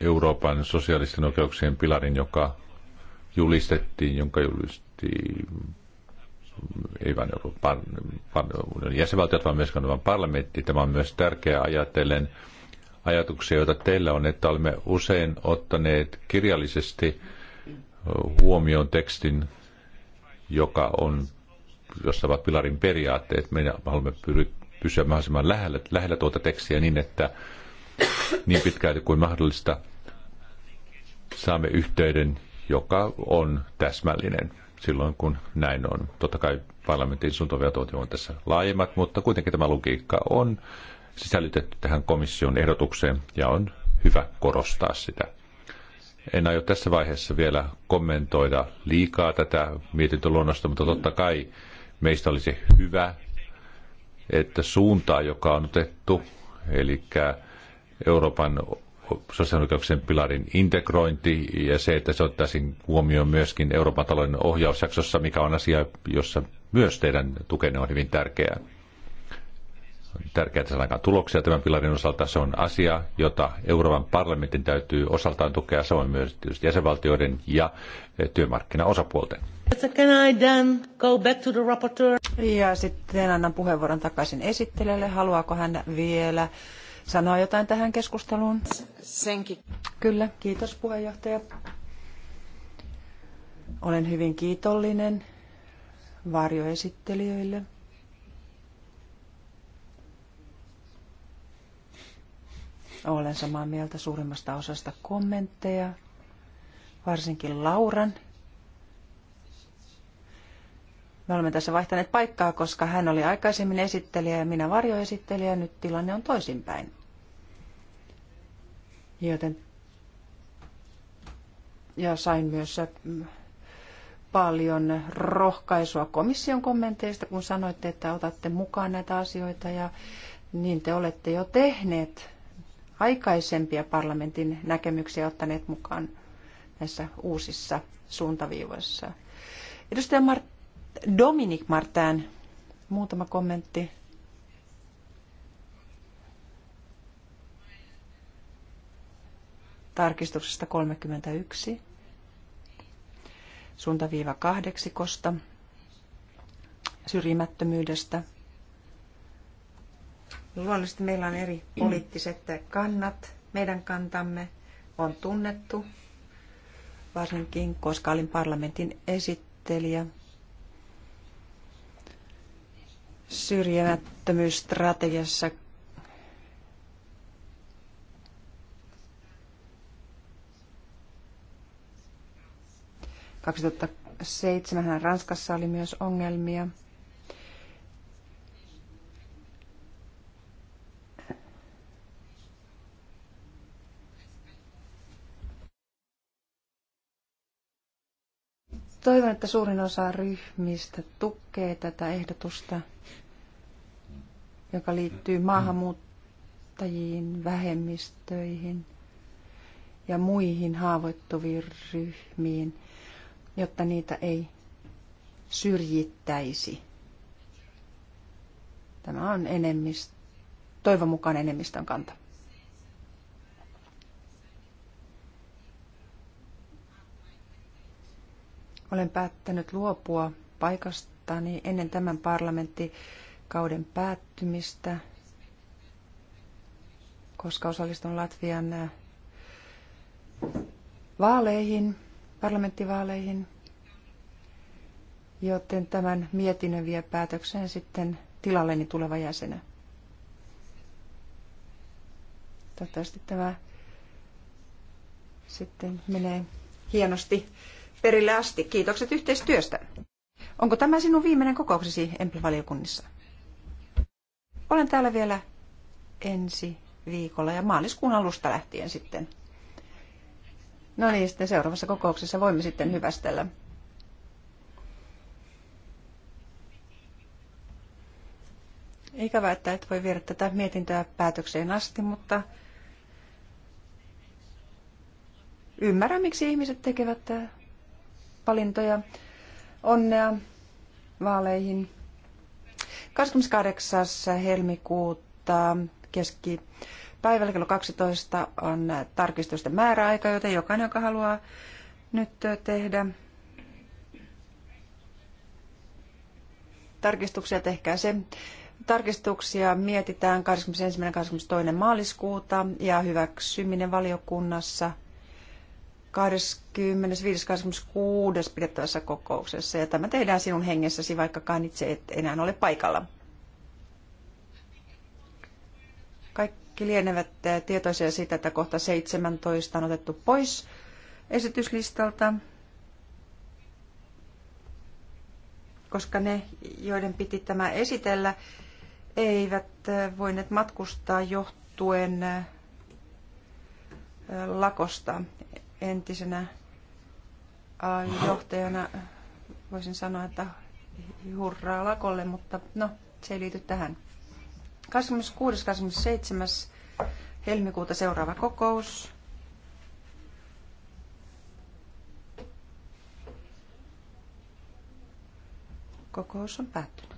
Euroopan sosiaalisten oikeuksien pilarin, joka julistettiin, jonka julisti ei vain Euroopan jäsenvaltiot, vaan myös parlamentti. Tämä on myös tärkeää ajatellen ajatuksia, joita teillä on, että olemme usein ottaneet kirjallisesti huomioon tekstin, joka on, jossa ovat pilarin periaatteet. Me haluamme pysyä mahdollisimman lähellä, lähellä tuota tekstiä niin, että niin pitkälti kuin mahdollista saamme yhteyden, joka on täsmällinen silloin, kun näin on. Totta kai parlamentin suuntaviatot on tässä laajemmat, mutta kuitenkin tämä logiikka on sisällytetty tähän komission ehdotukseen ja on hyvä korostaa sitä. En aio tässä vaiheessa vielä kommentoida liikaa tätä mietintöluonnosta, mutta totta kai meistä olisi hyvä, että suuntaa, joka on otettu, eli Euroopan sosiaalioikeuksien pilarin integrointi ja se, että se ottaisiin huomioon myöskin Euroopan talouden ohjausjaksossa, mikä on asia, jossa myös teidän tukenne on hyvin tärkeää tärkeää, että saadaan tuloksia tämän pilarin osalta. Se on asia, jota Euroopan parlamentin täytyy osaltaan tukea, samoin myös tietysti jäsenvaltioiden ja eh, työmarkkinaosapuolten. Ja sitten annan puheenvuoron takaisin esittelijälle. Haluaako hän vielä sanoa jotain tähän keskusteluun? Senkin. Kyllä, kiitos puheenjohtaja. Olen hyvin kiitollinen varjoesittelijöille – Olen samaa mieltä suurimmasta osasta kommentteja, varsinkin Lauran. Me olemme tässä vaihtaneet paikkaa, koska hän oli aikaisemmin esittelijä ja minä varjoesittelijä. Nyt tilanne on toisinpäin. Joten ja sain myös äh, paljon rohkaisua komission kommenteista, kun sanoitte, että otatte mukaan näitä asioita ja niin te olette jo tehneet aikaisempia parlamentin näkemyksiä ottaneet mukaan näissä uusissa suuntaviivoissa. Edustaja Mart- Dominik Martään, muutama kommentti. Tarkistuksesta 31, suuntaviiva kahdeksikosta, syrjimättömyydestä – Luonnollisesti meillä on eri poliittiset kannat. Meidän kantamme on tunnettu, varsinkin koska olin parlamentin esittelijä syrjimättömyysstrategiassa seitsemän Ranskassa oli myös ongelmia – Toivon, että suurin osa ryhmistä tukee tätä ehdotusta, joka liittyy maahanmuuttajiin, vähemmistöihin ja muihin haavoittuviin ryhmiin, jotta niitä ei syrjittäisi. Tämä on enemmistö, toivon mukaan enemmistön kanta. Olen päättänyt luopua paikastani ennen tämän parlamenttikauden päättymistä, koska osallistun Latvian äh, vaaleihin, parlamenttivaaleihin, joten tämän mietinnön vie päätökseen sitten tilalleni tuleva jäsenä. Toivottavasti tämä sitten menee hienosti perille asti. Kiitokset yhteistyöstä. Onko tämä sinun viimeinen kokouksesi emple valiokunnissa Olen täällä vielä ensi viikolla ja maaliskuun alusta lähtien sitten. No niin, sitten seuraavassa kokouksessa voimme sitten hyvästellä. Ikävä, että et voi viedä tätä mietintöä päätökseen asti, mutta ymmärrän, miksi ihmiset tekevät äh, valintoja. Onnea vaaleihin. 28. helmikuuta keski päivällä kello 12 on tarkistusten määräaika, joten jokainen, joka haluaa nyt tehdä tarkistuksia, tehkää se. Tarkistuksia mietitään 21. 22. maaliskuuta ja hyväksyminen valiokunnassa 25.26. pidettävässä kokouksessa ja tämä tehdään sinun hengessäsi, vaikkakaan itse et enää ole paikalla. Kaikki lienevät eh, tietoisia siitä, että kohta 17 on otettu pois esityslistalta, koska ne, joiden piti tämä esitellä, eivät eh, voineet matkustaa johtuen eh, lakosta entisenä johtajana voisin sanoa, että hurraa lakolle, mutta no, se ei liity tähän. 26.27. helmikuuta seuraava kokous. Kokous on päättynyt.